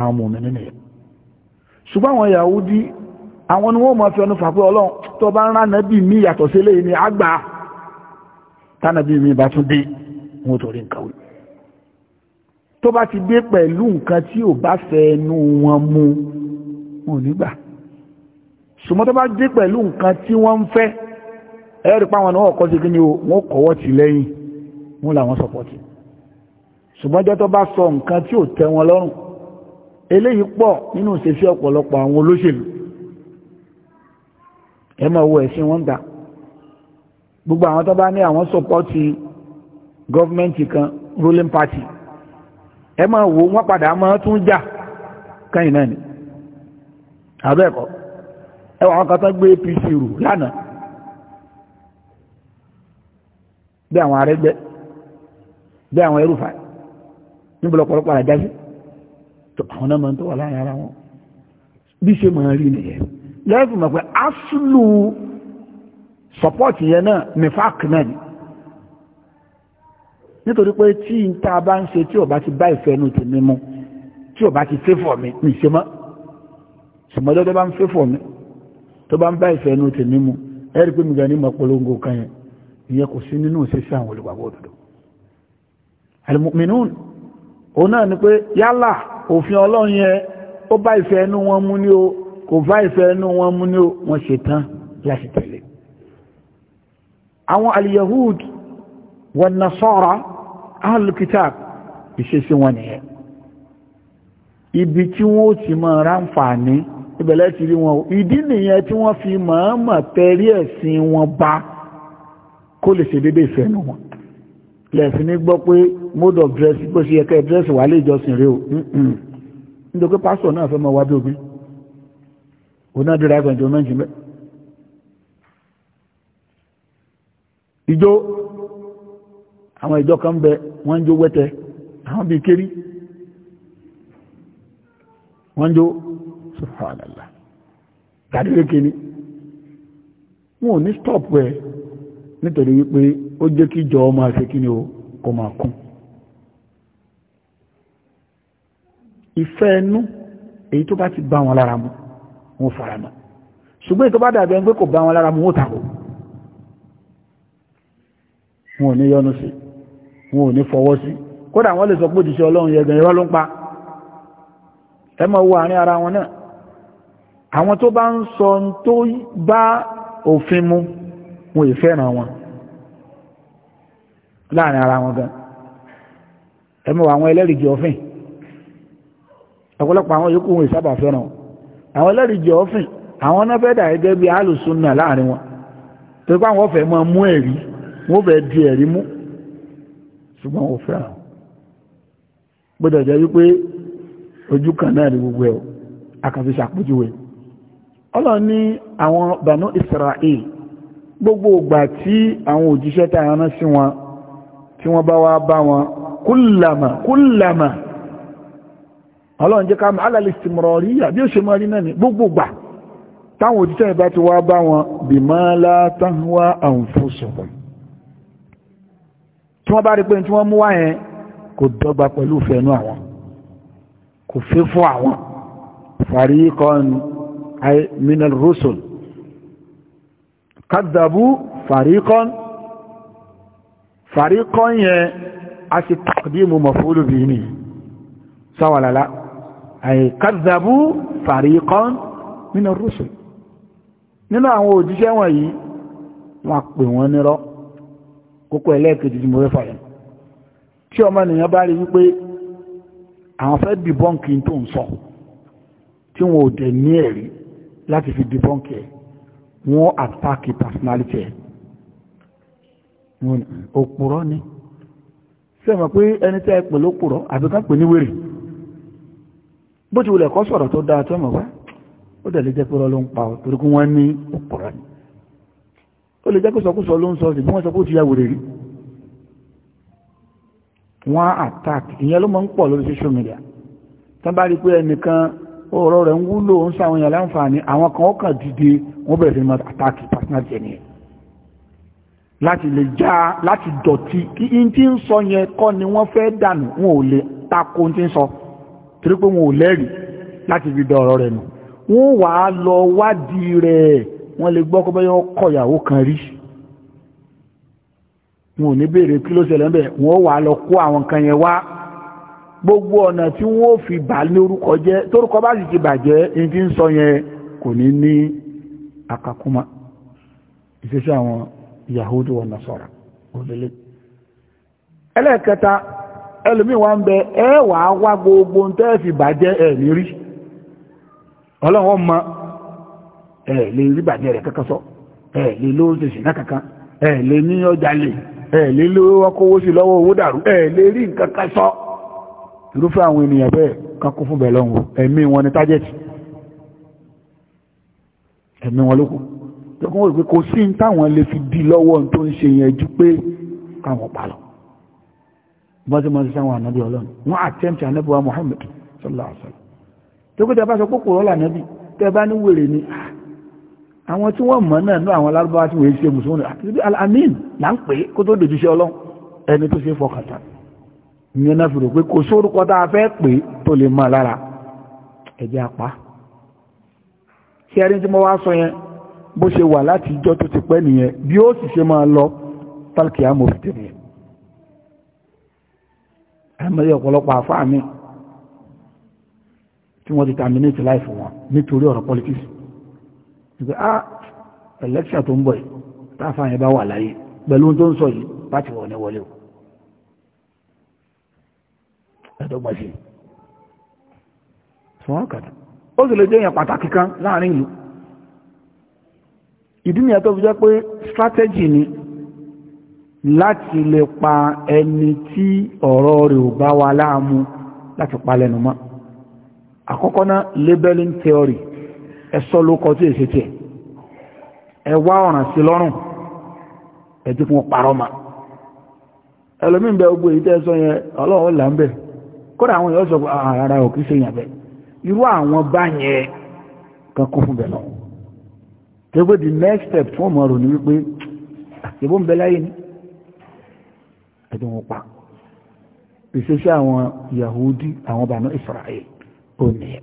àwọn ọmọ mẹ́rin nìyẹn ṣùgbọ́n àwọn Yahudi àwọn ni wọ́n mọ̀ fi ọnu fàpẹ́ ọlọ́run tó bá ń rán nàbí mi yàtọ̀ sí eléyìí ni àgbà tánàbí mi bá tún dé wọn tó rí nǹkan wí tó bá ti dé pẹ̀lú nǹkan tí ò bá fẹ́ ẹnu wọn mu wọn ò nígbà ṣùgbọ́n tó bá dé pẹ̀lú nǹkan tí wọ́n ń fẹ́ ẹ̀rí páwọn náà kọ́ sí kí ni wọ́n kọ̀wọ́ ti lẹ́yìn wọ́n làwọn sọ̀pọ̀ ti ṣùgbọ́n jẹ́ tó bá sọ nǹkan tí ò tẹ́ wọn lọ́rùn eléyìí pọ̀ nínú ìṣesí ọ̀pọ̀lọpọ̀ àwọn olóṣèlú ẹ máa wo ẹ̀sìn wọn gbà gbogbo àwọn tó bá ní àwọn sọpọ́tì gọ́ọ̀mẹ́ntì kan ruling party ẹ máa wo wọ́n padà máa tún jà kẹ́yìn náà ni àbẹ́ẹ̀kọ́ ẹwà àwọn kan tán gbé APC rù lánàá bí àwọn arẹ́gbẹ́ bí àwọn ẹrùfà níbi lọ́pọ̀lọpọ̀ àjájú àwọn náà máa ń tó wà láàrin ara wọn bí ṣe máa rí nìyẹn lẹ́yìn mọ̀ pé aṣlù support yẹn náà mifak náà ni nítorí pé tí n ta bá ń ṣe tí ò bá ti bá ìfẹ́ inú tèmi mu tí ò bá ti fẹ́fọ̀ mi mi ṣe mọ́ ṣùgbọ́n tó bá ń fẹ́fọ̀ mi tó bá ń bá ìfẹ́ inú tèmi mu ẹ̀rí pé mi gan ní mọ̀ polongo kan yẹn ìyẹn kò sí nínú ìṣesí àwọn olùgbàgbọ́ òdodo àlùmọ̀mìnú òun náà ni pé yálà òfin ọlọ́run yẹn ó bá ìfẹ́ ẹnu wọn mú ní o kò bá ìfẹ́ ẹnu wọn mú ní o wọ́n ṣe tán láti tẹ̀lé àwọn aliyahud wọn nasara alukitab ìṣesí wọn nìyẹn ibi tí wọ́n ti máa ráǹfààní ìbẹ̀lẹ̀ ti rí wọn ìdí nìyẹn tí wọ́n fi máa tẹ̀rí ẹ̀sìn wọn bá kó lè ṣe déédéé ìfẹ́ ẹnu wọn lẹ́sìn ní gbọ́ pé mode of dress bó ṣe yẹ kẹ́ dress wà lè jọsìn rẹ o nítorí pé pásítọ̀ náà fẹ́ mọ wá bí obìnrin òun náà dúró àgbẹ̀jọ méjì mẹ́. ìjó àwọn ìjọ kan bẹ wọ́n jó wẹ́tẹ àwọn bíi kérí wọ́n ń jó subhanallah kàdíré kéni wọn ò ní stop ẹ nítorí wípé ó jẹ́ kí jọ ọmọ àti ni ó kọ máa kún ìfẹ́ ẹnu èyí tó bá ti bá wọn lára mu wọn fara mọ́ ṣùgbọ́n èyí tó bá dàbí ẹni pé kò bá wọn lára mu wọn tako wọn ò ní yọnu sí wọn ò ní fọwọ́ sí kódà wọn lè sọ pé òjìṣẹ́ ọlọ́run yẹgàn irọ́ ló ń pa ẹ máa wo àárín ara wọn náà àwọn tó bá ń sọ tó bá òfin mu wọn ì fẹ́ràn wọn láàrin ara wọn gan ẹmọ àwọn ẹlẹ́rìí ọ̀fìn ọ̀pọ̀lọpọ̀ àwọn yòókù wọn ìsábà fẹ́ràn àwọn ẹlẹ́rìí ọ̀fìn àwọn náà fẹ́ dà gẹ́gẹ́ bí alùsùnà láàrin wọn tó pé àwọn ọ̀fẹ́ máa mú ẹ̀rí wọ́n fẹ́ di ẹ̀rí mú ṣùgbọ́n wọ́n fẹ́ràn gbọ́dọ̀ jẹ́ wípé ojú kan náà ni gbogbo ẹ̀ akàfi ṣàpèjúwe ọlọ́run ní àwọn bànú Israel gbogbo ìgbà tí àwọn òjíṣẹ́ tá a rán sí wọn tí wọ́n bá wá bá wọn kúlàmà kúlàmà ọlọ́run jẹ́ ká mọ̀ alàlìsìmọ̀rọ̀ríyà bí ó ṣe mọ́ rí náà ní gbogbogbà táwọn òtítẹ́ ìbá ti wá bá wọn bí máa látàwà àǹfóṣọ̀kùn wá àwọn kò fàríkọ́ yẹn a sì taqdimu maf'ulu bihi ni sáwàlálá àyè kazzabu fàríkọ́ nínú rúṣù nínú àwọn òjíṣẹ́ wọ̀nyí wọ́n pè wọ́n nírọ́ kókó ẹlẹ́ẹ̀kejì tí mo fẹ́ fàyẹ̀ tí ọmọ ènìyàn bá rí wípé àwọn fẹ́ dìbọ́ǹkì tó ń sọ tí wọn ò dẹ̀ ní ẹ̀rí láti fi dìbọ́ǹkì ẹ̀ wọ́n àtàkì personality ẹ̀ òpùrọ́ ni sẹ́mọ̀ pé ẹni tẹ́ ẹ pè lópùrọ́ àbí ká pè ní wèrè bó ti wulẹ̀ kọ́ sọ̀rọ̀ tó dáa tó mọ̀ wá ó dẹ̀ lè jẹ́ pé ló ń pa ọ́ torí ní òpùrọ́ ni ó lè jẹ́ pé sọkúsọ ló ń sọ sí bí wọ́n sọ pé ti ya wèrè rí wọ́n attack ìyẹn ló mọ́ ń pọ̀ lórí social media tán bá rí pé ẹnìkan ọ̀rọ̀ rẹ̀ ń wúlò ń sàwọn èèyàn láǹfààní àwọn kan ó kàn dìde wọ́n bẹ̀rẹ̀ sí máa attack personal jẹ́ láti lè já láti dọ̀tí kí n tí ń sọ yẹn kọ́ ni wọ́n fẹ́ dànù wọn ò lè tako tí ń sọ torí pé wọn ò lẹ́rìí láti fi dọ̀ ọ̀rọ̀ rẹ̀ nù wọ́n wà á lọ wádìí rẹ̀ wọ́n lè gbọ́ kó bẹ́yọ́ kọ̀yàwó kan rí wọn ò ní béèrè kí ló ṣẹlẹ̀ ńbẹ̀ wọ́n wà á lọ kó àwọn kan yẹn wá gbogbo ọ̀nà tí wọ́n ò fi bà ní orúkọ jẹ́ tórúkọ bá sì ti bàjẹ́ n tí ń sọ yẹn kò ní ní àkàkùmá ìṣesí àwọn yahudu wa nasara òdìlé ẹlẹ́ẹ̀kẹta ẹlòmíì wa ń bẹ ẹ gbogbo ń tẹ́ fi bàjẹ́ ẹ̀ lè rí ọlọ́run mọ ẹ̀ lè lè ló ń ṣèṣì náà lè ní ọjà lè lè ló ọkọ̀wó owó dàrú ẹ̀ sọ ènìyàn ni wọn lọ́kàn wọ́n pé kò sí ní táwọn lè fi dí lọ́wọ́ tó ń ṣe yẹn ju pé káwọn pa lọ bọ́sí mọ́ sí sáwọn ànábì ọlọ́run wọ́n àtẹ́mtì ànábì wa Muhammad sallallahu alaihi wasallam tó kó tẹ bá sọ pé kò rọ́lá ànábì tẹ bá ní wèrè ni ah, àwọn tí wọ́n mọ̀ náà ní àwọn alárúbáwá tí wọ́n ṣe mùsùlùmí àti amin là ń pè é kó tó dòjú sí ọlọ́run ẹni tó ṣe fọkàn tán ìyẹn náà fi rò pé kò sórúkọ tá a fẹ́ pè é tó lè mọ́ lára ẹ̀jẹ̀ apá ṣé ẹni tí mo wá sọ yẹn bó ṣe wà láti ìjọ tó ti pẹ́ nìyẹn bí ó sì ṣe máa lọ tálkì amòfin nìyẹn ẹmẹ́yẹ ọ̀pọ̀lọpọ̀ àfáà mi tí wọ́n ti terminate life wọn nítorí ọ̀rọ̀ politics ìgbé ah election tó ń bọ̀ yìí táfà yẹn bá wà láyé pẹ̀lú tó ń sọ yìí láti wọ̀ ní wọlé o ẹ̀dọ́gbọ̀n sí i ó sì lè jẹ́ èèyàn pàtàkì kan láàrin ìlú ìdí nìyà tó jẹ́ pé strategy ni láti lè pa ẹni tí ọ̀rọ̀ rẹ̀ ò bá wa láàmú láti pa lẹ́nu mọ́ àkọ́kọ́ labeling theory ẹ̀sọ́ ló kọ tí èsì tiẹ̀ ẹ wá ọ̀ràn sí lọ́rùn ẹ̀dí fún parọ́ ma ẹlòmín bẹ èyí yẹn ọlọ́wọ́ là ń bẹ̀ kódà ara ah, bẹ̀ irú àwọn bá yẹn fún bẹ̀ tó pé the next step fún ọmọ rò ní wípé ìbò ń bẹ láyé ní ẹ̀dùn wọn pa ìṣesí àwọn Yahudi àwọn Banu Israel ó nìyẹn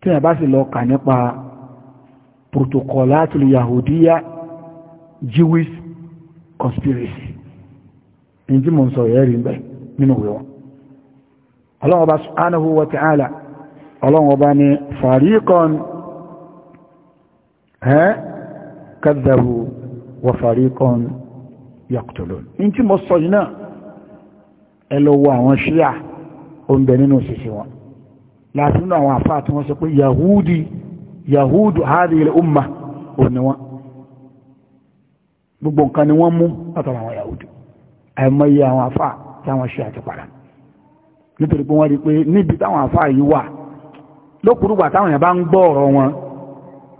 tí wọ́n bá sì lọ kà nípa protocolatul Yahudiya Jewish conspiracy ní tí mo ń sọ yẹ́ rí bẹ́ nínú ìwé wọn ọlọ́wọ́ bá subhanahu wa ta'ala ọlọ́wọ́ bá ní fàríkan ẹ́ kẹ́dàbù wọ̀fàrí kan yàkùtòlò ní tí mo sọ yìí náà ẹ lọ wo àwọn ṣíà oúnjẹ nínú òṣìṣẹ́ wọn láti nínú àwọn àfáà tí wọ́n sọ pé yahudi yahudu hadi ilẹ̀ umma òní wọn gbogbo nǹkan ni wọ́n mú látara àwọn yahudi àìmọye àwọn àfáà tí àwọn ṣíà ti padà nítorí pé wọ́n rí pé níbi táwọn àfáà yìí wà lókùrúgbà táwọn yẹn bá ń gbọ́ ọ̀rọ̀ wọn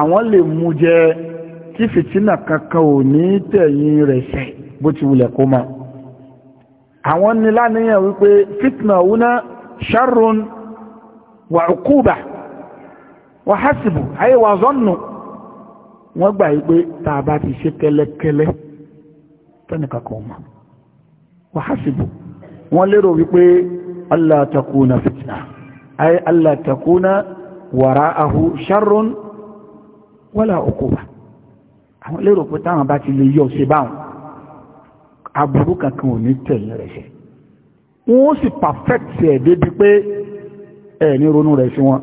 àwọn lè mú jẹ tí fìtínà kankan ò ní tẹ̀yìn rẹ̀ sẹ̀ bó ti wulẹ̀ kó ma àwọn ní láníyàn wípé fitna wúná sharrun wà uquba wà hasibu ayé wà zọ́nù wọ́n gbà yí pé bá ti ṣe kẹ́lẹ́kẹ́lẹ́ tẹ́nìkan kan mọ̀ wà hasibu wọ́n lérò wípé allah takuna fitna ayé allah takuna wara'ahu sharrun wọ́là òkò wà àwọn lérò pé táwọn bá ti lè yọ ṣe báwọn aburú kankan ò ní tẹ̀yìn rẹ̀ ṣe wọ́n sì perfect ẹ̀ débi pé ẹ̀ ní ronú rẹ̀ sí wọn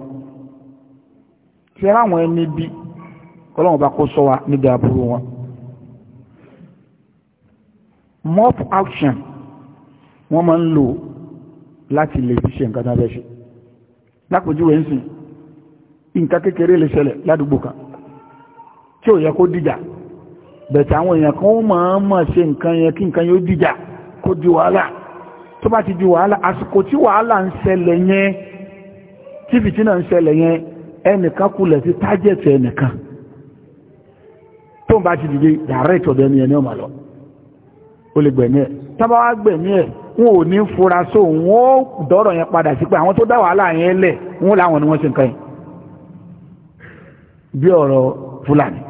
tí ara ẹni bí ọlọ́run bá kó sọ wa níbi aburú wọn mob action wọ́n máa ń lò láti lè fi ṣe nǹkan tó bẹ́ ṣe lápòjúwe ń sìn nǹkan kékeré lè ṣẹlẹ̀ ládùúgbò kan tí ò yẹ kó dìjà bẹ̀tẹ̀ àwọn èèyàn kan ó máa mọ̀ ṣe nǹkan yẹn kí nǹkan yóò dìjà kó di wàhálà tó bá ti di wàhálà àsìkò tí wàhálà ń ṣẹlẹ̀ yẹn tí fìtínà ń ṣẹlẹ̀ yẹn ẹnìkan kulẹ̀ sí tájẹ̀tì ẹnìkan tó ń bá ti dìde direct ọ̀dọ̀ ẹni ẹni ọmọ lọ ó lè gbẹ̀mí ẹ̀ tábà wá gbẹ̀mí ẹ̀ wọn ò ní fura sóhun wọn ó dọ́rọ̀ yẹn padà sí pé àwọn tó dá wàhálà yẹn lẹ̀ wọn làwọn ni wọ́n ṣe nǹkan yẹn bí ọ̀rọ̀ fúlàní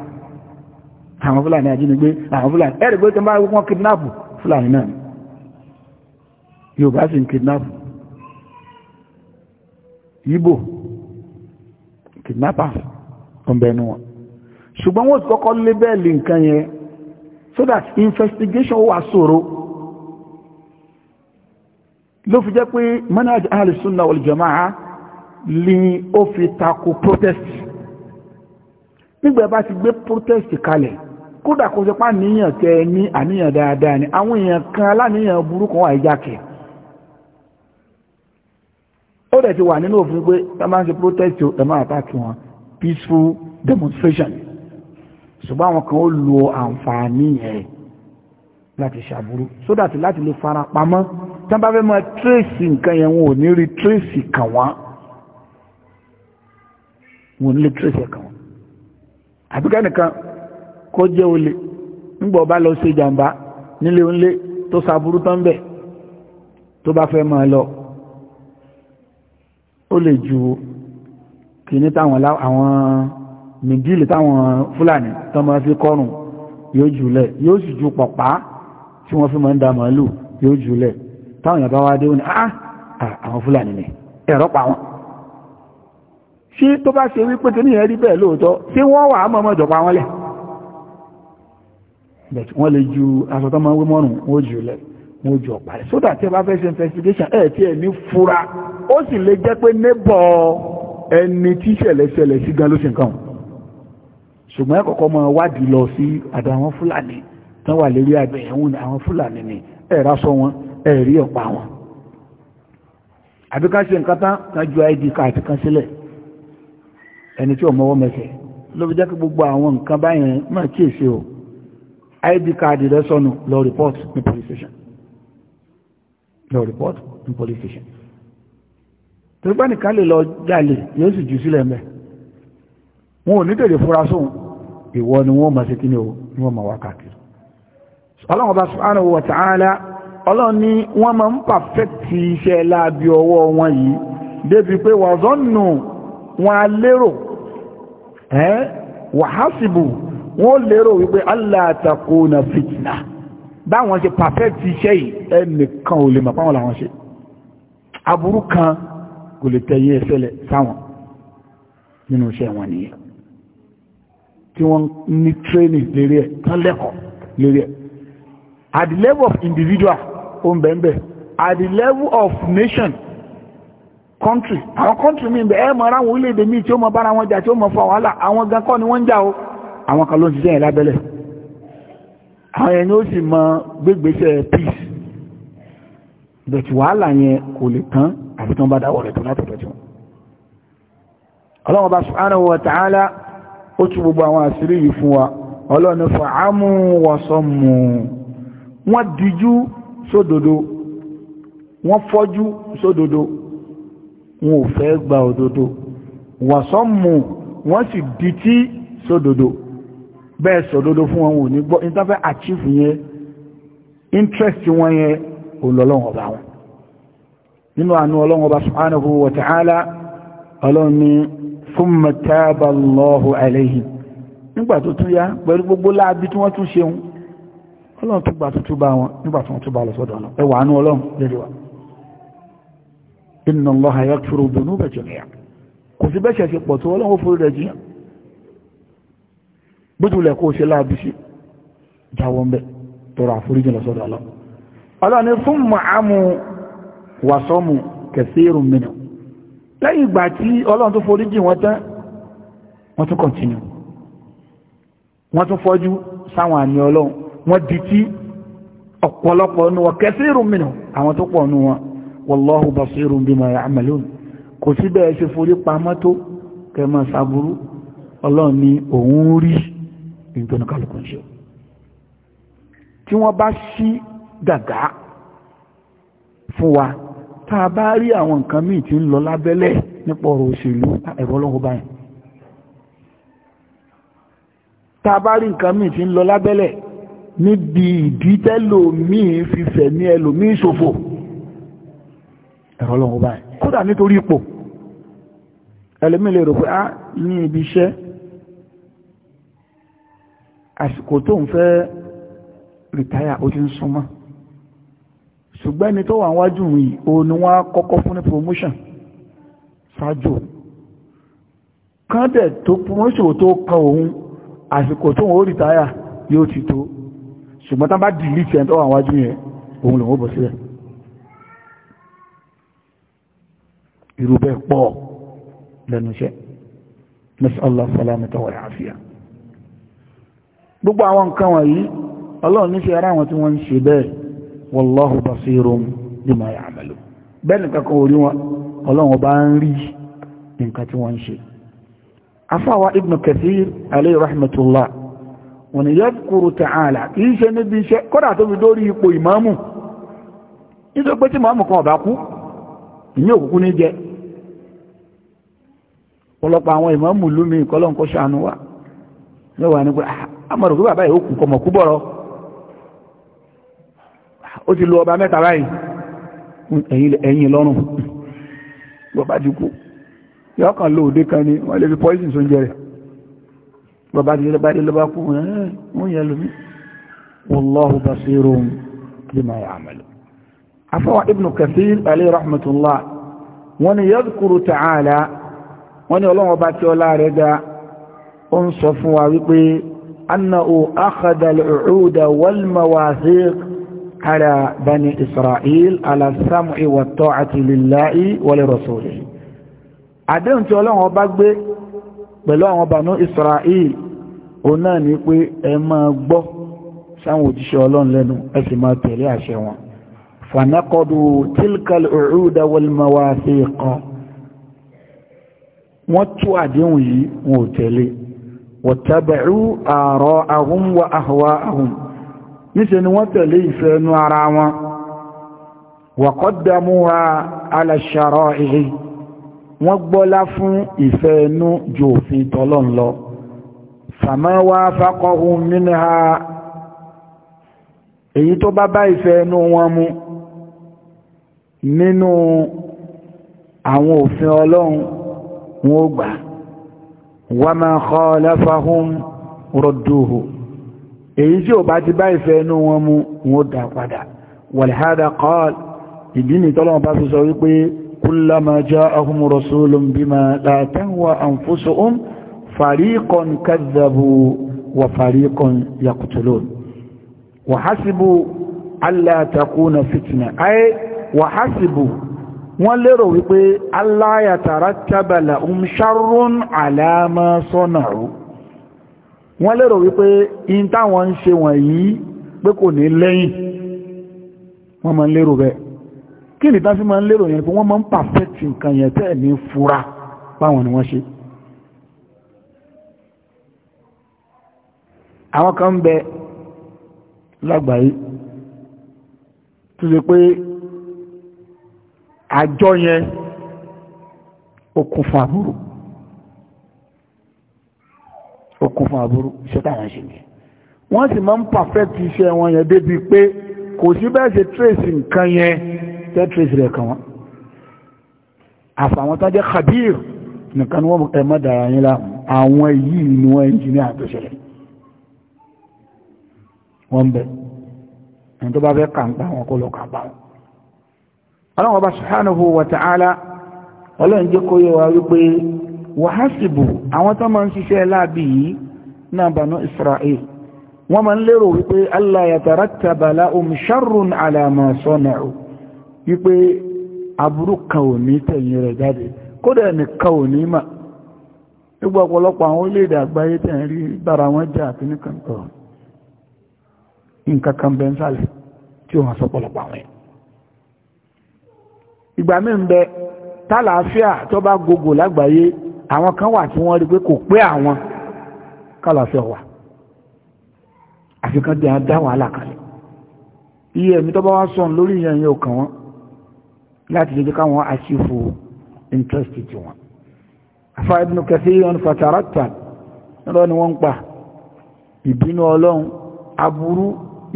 àwọn fúlàní ajínigbé àwọn fúlàní ẹ̀rì pé tí wọ́n bá wọ́n kidnap fúlàní náà Yorùbá sì ń kidnap Ìgbò kidnappers ọmọ ẹnu wọn ṣùgbọ́n wọ́n kọ́kọ́ lébẹ́ẹ̀lì nǹkan yẹn so that investigation wà ṣòro ló fi jẹ́ pé manhaj al-sunnah wal jamaa'ah ó fi tako protest nígbà bá ti gbé protest kalẹ̀ kódà kò sọ pá níyàn tẹ ní àníyàn dáadáa ni àwọn èèyàn kan aláníyàn burúkú wà ìjákẹ̀ ó dẹ̀ ti wà nínú òfin pé ẹ ń ṣe protest ẹ máa àtàkì wọn peaceful demonstration ṣùgbọ́n àwọn kan ó lo àǹfààní ẹ̀ láti ṣàbúrú so that láti lè fara pamọ́ tán bá fẹ́ mọ́ tírèsì nǹkan yẹn wọn ò ní rí tírèsì kàn wọ́n wọn ò ní rí tírèsì kàn wọ́n àbíkẹ́ nìkan kó jẹ́ olè ńgbọ̀ bá lọ ṣe jàǹbá nílé ńlé tó sàbúrú tán bẹ̀ tó bá fẹ́ máa lọ ó lè ju kìíní táwọn àwọn mìdílì táwọn fúlàní tán máa fi kọrùn yóò jùlẹ̀ yóò sì ju pọ̀pá tí wọ́n fi máa ń da màálù yóò jùlẹ̀ táwọn yàbá wá dé ó ah àwọn fúlàní ni ẹ̀rọ pa wọn ṣé tó bá ṣe wípé kìíní yẹn rí bẹ́ẹ̀ lóòótọ́ ṣé wọ́n wà á mọ̀ọ́mọ̀ jọ̀pá wọn lẹ̀ but wọ́n lè ju aṣọ tó máa ń wé mọ́rùn wọ́n jù lẹ̀ wọ́n jù ọ̀pá rẹ̀ sódà tí ẹ bá fẹ́ ṣe investigation ẹ̀ tí ẹ ní fura ó sì lè jẹ́ pé neighbor ẹni tí ṣẹlẹ̀ ṣẹlẹ̀ sí gan ló ṣe nǹkan ṣùgbọ́n ẹ kọ́kọ́ máa wádìí lọ sí àdá àwọn fúlàní tán wà lérí àgbẹ̀yẹ̀wò ní àwọn fúlàní ni ẹ̀ rásọ wọn ẹ̀ rí ọ̀pá wọn àbí ká ṣe nǹkan tán ká ju id card kan sílẹ̀ ẹni tí ò mọ́wọ́ mẹ́fẹ̀ẹ́ ló fi jẹ́ kí gbogbo àwọn nǹkan báyẹn máa kíyèsí o id card rẹ sọnù lọ report ní police station lọ report ní police station tẹ́gbẹ́ nìkan lè lọ jalè yóò sì jù sílẹ̀ mẹ́ wọn ò ní tèrè fura sóhun ìwọ ni wọ́n máa ṣe kí ni o ni wọ́n máa wá káàkiri ọlọ́run bá subhanahu wa ta'ala ọlọ́run ni wọ́n máa ń pàfẹ́tì iṣẹ́ láabi ọwọ́ wọn yìí débi pé wà zọ́nù wọn a lérò wà hásìbù wọ́n lérò wípé Allah takuna fitna báwọn ṣe pàfẹ́tì iṣẹ́ yìí ẹnìkan ò lè mọ̀ páwọn làwọn ṣe aburú kan kò lè tẹ̀yìn ẹsẹ̀lẹ̀ sáwọn nínú iṣẹ́ wọn nìyẹn tí wọ́n ní training lérí ẹ̀ tán lẹ́kọ̀ọ́ lérí ẹ̀ at the level of individual ó ń bẹ̀ẹ́ at the level of nation country àwọn country mi ń bẹ ẹ̀ mọ̀ ara àwọn orílẹ̀-èdè míì tí ó mọ̀ bára wọn jà tí ó mọ̀ fa wàhálà àwọn gan ni wọ́n ń jà o àwọn kan ló ń ṣiṣẹ́ yẹn lábẹ́lẹ̀ àwọn ẹni ó sì mọ gbégbésẹ̀ peace ìbẹ̀tì wàhálà yẹn kò lè tán àti tán bá dáwọ̀ rẹ̀ tó látọ̀dọ̀ tí wọn ọlọ́run bá subhanahu wa ta'ala ó tún gbogbo àwọn àṣírí yìí fún wa ọlọ́run fa'amu wa sammu wọ́n dijú sódodo wọ́n fọ́jú sódodo bẹ́ẹ̀ sọ̀dodo fún wọn wò ní gbọ́ ìtafẹ́ àchífù yẹn interest wọn yẹn olọ́lọ́wọ́ bá wọn nínú àánú ọlọ́wọ́ bá subhanahu wa ta'ala ọlọ́run ni thumma taba Allahu alayhim nígbà tó tún yá pẹ̀lú gbogbo láabi tí wọ́n tún ṣeun ọlọ́run tó gbà tuntun bá wọn nígbà tí wọ́n tún bá lọ bójúlẹ̀ kó ṣe láàbí sí jáwọ́ mẹ́ tọrọ àforíjì Allah ni fún ma'amu wàsọ́mù kẹsìrùn mìíràn lẹ́yìn ìgbà tí ọlọ́run tó foríjì wọ́n tán wọ́n tún kọ̀tínú wọ́n tún fọ́jú sáwọn àmì ọlọ́run wọ́n di tí ọ̀pọ̀lọpọ̀ nù wọn kẹsìrùn mìíràn àwọn tó pọ̀ nù wọn wallahu basirun bima ya'malun kò síbẹ̀ ṣe forí pamọ́ tó kẹ ni òun ní tó ní kálukú ń ṣe tí wọ́n bá ṣí gàgá fún wa tá a bá rí àwọn nǹkan míì tí ń lọ lábẹ́lẹ̀ nípa ọ̀rọ̀ òṣèlú ẹ̀rọ ọlọ́run báyìí tá a bá rí nǹkan míì tí ń lọ lábẹ́lẹ̀ níbi ìdí tẹ́lòmíì fífẹ̀ ní ẹlòmíì ṣòfò ẹ̀rọ ọlọ́run báyìí kódà nítorí ipò ẹlòmíì lè rò pé á ah, ní ibi iṣẹ́ àsìkò tó ń fẹ́ rìtáyà ó ti ń súnmọ́ ṣùgbọ́n ẹni tó wà wájú yìí o ni wọ́n kọ́kọ́ fún ní promotion ṣáájú kọ́ńtẹ̀ tó promotion tó kan òun àsìkò tó ń rìtáyà yóò ti tó ṣùgbọ́n tá bá dìlítì ẹni tó wà wájú yẹn òun lòun ó bọ̀ sílẹ̀ irú bẹ́ẹ̀ pọ̀ lẹ́nu iṣẹ́ nas'Allah salamata wa al-afiya gbogbo àwọn nǹkan wọ̀nyí ọlọ́run ní ṣe ara àwọn tí wọ́n ń ṣe bẹ́ẹ̀ wallahu basirun bima ya'malu bẹ́ẹ̀ nìkan kan orí wọn ọlọ́run bá ń rí nǹkan tí wọ́n ń kathir alayhi rahmatullah wọn ni kuru ta'ala kì í ṣe níbi iṣẹ́ kọ́dà tó fi dórí ipò ìmáàmù nítorí pé tí kan ọ̀bá kú òkúkú ní jẹ ọlọ́pàá àwọn ìmáàmù lómi wa àmọ̀rò pé bàbá ìhókù kọmọ̀ kú bọ̀rọ̀ ó ti lo ọba mẹ́ta báyìí ẹ̀yìn lọ́rùn bàbá ti kú òde kan ni wọ́n lè fi poison tó ń jẹ rẹ̀ bàbá ti lọ́bá dé lọ́bá kú wọ́n yẹ lómi ibn wọ́n ni sọ fún أنه أخذ العهود والمواثيق على بني إسرائيل على السمع والطاعة لله ولرسوله àdéhùn tí ọlọ́run ọba gbé pẹ̀lú àwọn bànú Israel o náà ní pé ẹ máa gbọ́ sáwọn òjíṣẹ́ ọlọ́run lẹ́nu ẹ sì máa tẹ̀lé àṣẹ wọn fanaqadu tilkal u'uda wal mawathiqa wọ́n tú àdéhùn yìí wọn ò tẹ̀lé wọ̀tẹ́bẹ̀rú ààrọ ahun wa àhùwà ahun níṣe ni wọ́n tẹ̀lé ìfẹ́ ẹnu ara wọn wọ̀kọ́dàmú wa aláṣàrọ̀ ihe wọ́n gbọ́lá fún ìfẹ́ ẹnu ju òfin tọ́lọ́n lọ sàmáwá fákọ̀hún mínúha èyí tó bá bá ìfẹ́ ẹnu wọn mu nínú àwọn òfin ọlọ́run wọn ó gbà wàmà khalafahum rọ̀dùhù èyí tí ó bá ti bá ìfẹ́ inú wọn mú wọn dá padà wàlhádà kọ́ọ̀l ìdí ni tọ́lọ́wọ́ bá fi sọ wípé kullama ja'ahum rasulun bima la tahwa anfusuhum fariqan kadhabu wa fariqan yaqtulun wa hasibu wọ́n lérò wípé aláyàtàrà tábàlà um sharrun àlàmà sọ́nàrú wọ́n lérò wípé in táwọn ń ṣe wọ̀nyí pé kò ní lẹ́yìn wọ́n máa ń lérò bẹ́ẹ̀ kí ni tán fi máa ń lérò yẹn pé wọ́n máa ń pàfẹ́tì nǹkan yẹn tẹ́ẹ̀ ní fura báwọn ni wọ́n ṣe àwọn kan ń bẹ lágbàáyé tó ṣe pé àjọ yẹn ó kún fún aburú ó kún fún aburú iṣẹ́ táwọn ṣe yẹn wọ́n sì máa ń perfect iṣẹ́ wọn yẹn débi pé kò sí bẹ́ẹ̀ ṣe trace nǹkan yẹn tẹ́ trace rẹ̀ kàn wọ́n àfàwọn tó jẹ́ khabir nìkan ni wọ́n ẹ̀mọ́ dára yín láàmú àwọn yìí ni wọ́n ẹnjìníà tó ṣẹlẹ̀ wọ́n bẹ̀ ẹni tó bá fẹ́ kàǹpá wọn kó lọ kàǹpá wọn ọlọ́run ọba subhanahu wa ta'ala ọlọ́run jẹ́ kó yé wa wípé wàhásìbù àwọn tó máa ń ṣiṣẹ́ láàbì yìí náà bànú israel wọ́n máa ń lérò wípé allah yatarattaba lahum sharrun ala ma sana'u wípé aburú kan tẹ̀yìn rẹ̀ jáde kódà ẹnìkan ò ní mà ọ̀pọ̀lọpọ̀ àwọn orílẹ̀-èdè àgbáyé tẹ̀ bára wọn jà àti nǹkan kan bẹ́ńsálẹ̀ tí wọ́n sọ àwọn ẹ̀ ìgbà mí ń bẹ tálàáfíà tó bá gogò lágbàáyé àwọn kan wà tí wọ́n rí pé kò pé àwọn kálàáfíà wà àfikàn dẹ̀ dá wàhálà kalẹ̀ iye ẹ̀mí tó bá wá sọ̀n lórí ìyẹn yẹn ò kàn wọ́n láti lè jẹ́ káwọn aṣífò interest ti wọn afa ibn Kathir fatarata lọ́wọ́ ni wọ́n ń pa ìbínú ọlọ́run aburú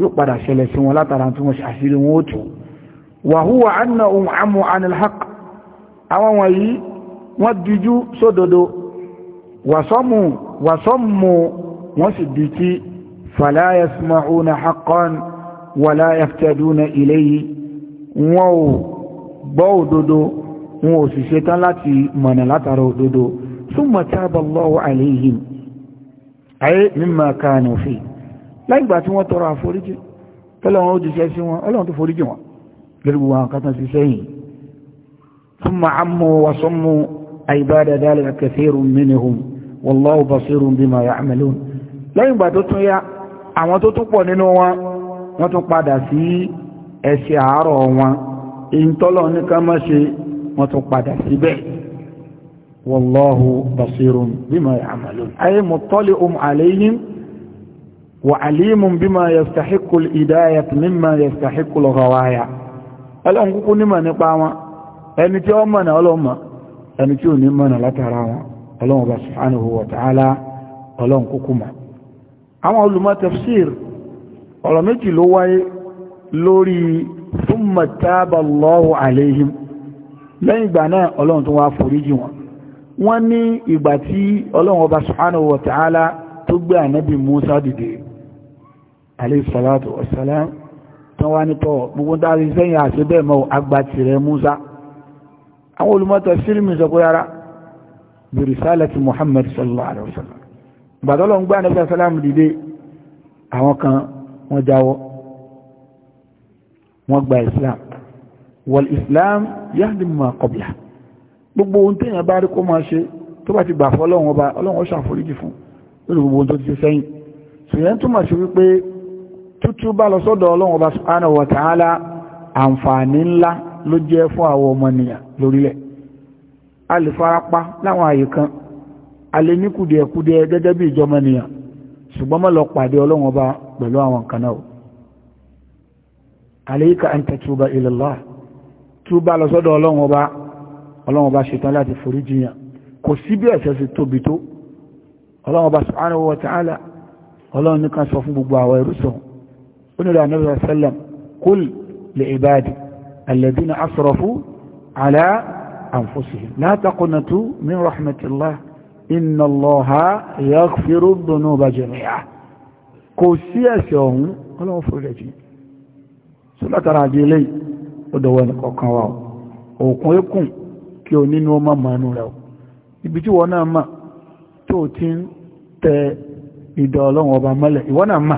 yóò padà ṣẹlẹ̀ sí wọn látara tí wọ́n ṣe wọn ó tún wàhúwà annahum amu anil haqq àwọn wọ̀nyí wọ́n díjú sódodo wàsọ́mù wàsọ́mù wọ́n sì di tí fala yasma'una haqqan wala yaftaduna ilayhi wọ́n ò gbọ́ òdodo wọn ò sì ṣetán láti mọ̀nà látara òdodo thumma taba Allahu alayhim ayé mimma kanu fi lórí gbogbo àwọn kátà sí sẹ́yìn thumma ammu wa sammu ay ba'da dhalika kathirun minhum wallahu basirun bima ya'malun lẹ́yìn ìgbà tó tún yá àwọn tó tún pọ̀ nínú wọn wọ́n tún padà sí ẹ̀ṣẹ̀ àárọ̀ wọn ìntọ́lọ̀ ní ká má ṣe wọ́n tún padà síbẹ̀ wallahu basirun bima ya'malun ay muttali'un alayhim وعليم بما يستحق الإداية مما يستحق الغواية ọlọ́run kúkú nímọ̀ nípa wọn ẹni tí ó mọ̀nà ọlọ́mọ ẹni tí ò ní mọ̀nà látara wọn ọlọ́run bá subhanahu wa ọlọ́run kúkú mọ̀ àwọn olùmọ̀ tafsir ọ̀rọ̀ méjì ló wáyé lórí ọlọ́run wọn ta'ala tán wá nítọ́ gbogbo dárí sẹ́yìn àti bẹ́ẹ̀ mọ́ agbàtì rẹ̀ Musa àwọn olùmọ́tọ̀ sílùmí sọ pé ara bìrìsálẹ̀ ti Muhammad sallallahu alaihi wasallam gbàdọ́lọ́ ń gbá nípa sálámù dìde àwọn kan wọ́n jáwọ́ wọ́n gba tútú bá lọ sọ́dọ̀ ọlọ́run ọba subhanahu wa ta'ala àǹfààní ńlá ló jẹ́ fún àwọn ọmọnìyàn lórílẹ̀ a lè farapa láwọn àyè kan a lè ní kùdìẹ̀kùdìẹ̀ gẹ́gẹ́ bí ìjọmọnìyàn ṣùgbọ́n mọ́ lọ pàdé ọlọ́run ọba pẹ̀lú àwọn kan náà alayka an tatuba ila Allah túbà lọ sọ́dọ̀ ọlọ́run ọba ṣetán láti foríjìyàn kò sí bí ẹ̀ṣẹ̀ sí tóbi tó ọlọ́run ọba subhanahu wa ta'ala ọlọ́run nìkan sọ fún gbogbo àwọn ẹrú sọ̀hún onírà anábìsà sẹ́lẹ̀m kúl lè ìbáàdì alẹ́dínà asọ̀rọ̀fú alá àǹfọ́sìhìn látàkùnàtú min rahmatillah inna allaha yaghfiru dhunuba jami'a kò sí ẹ̀ṣẹ̀ ọ̀hún ọlọ́run fòrẹ̀ jì sọ́látara àdílé ó dọ̀wọ́ ẹnìkọ̀ọ̀kan wa òkun ékùn kí o nínú ọmọ màánú rẹ̀ ibi tí wọ́n náà mà tó ti ń tẹ ìdọ̀ ọlọ́run ọba mọ́lẹ̀ ìwọ́n náà mà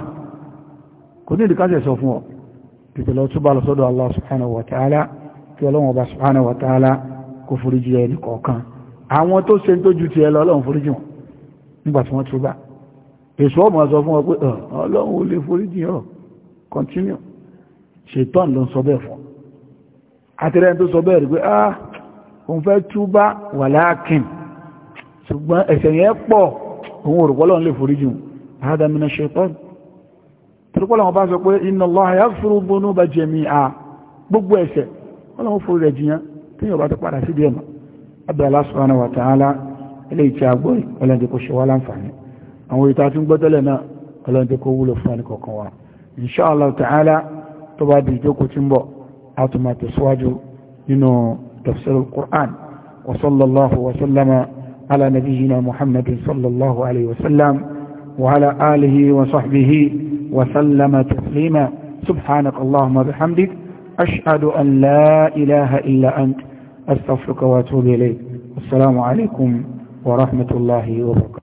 kò ní ìdíkájẹ̀ sọ fún ọ tètè lọ túbà lọ sọ́dọ̀ Allah subhanahu wa ta'ala kí ọlọ́run ọba subhanahu wa ta'ala kó foríjì ẹni kọ̀ọ̀kan àwọn tó ṣe tó ju continue ṣètọ́n ló ń sọ bẹ́ẹ̀ fún àtẹ́rẹ́ tó sọ bẹ́ẹ̀ rí pé ah òun fẹ́ túbà walakin ṣùgbọ́n ẹ̀ṣẹ̀ yẹn pọ̀ òun òrùpọ̀ lọ́run lè foríjì wọn torípọ́lá wọn bá sọ pé inna Allaha yaghfiru dhunuba jami'a gbogbo ẹ̀ṣẹ̀ ọlọ́wọ́ fòrò rẹ̀ jiyàn tí yóò bá tó padà sí díẹ̀ mọ́ abẹ́lá subhanahu wa ta'ala ilé ìtì àgbọ̀ ọlọ́dẹ̀ kò ṣe wá láǹfààní وسلم تسليما سبحانك اللهم بحمدك أشهد أن لا إله إلا أنت أستغفرك وأتوب إليك السلام عليكم ورحمة الله وبركاته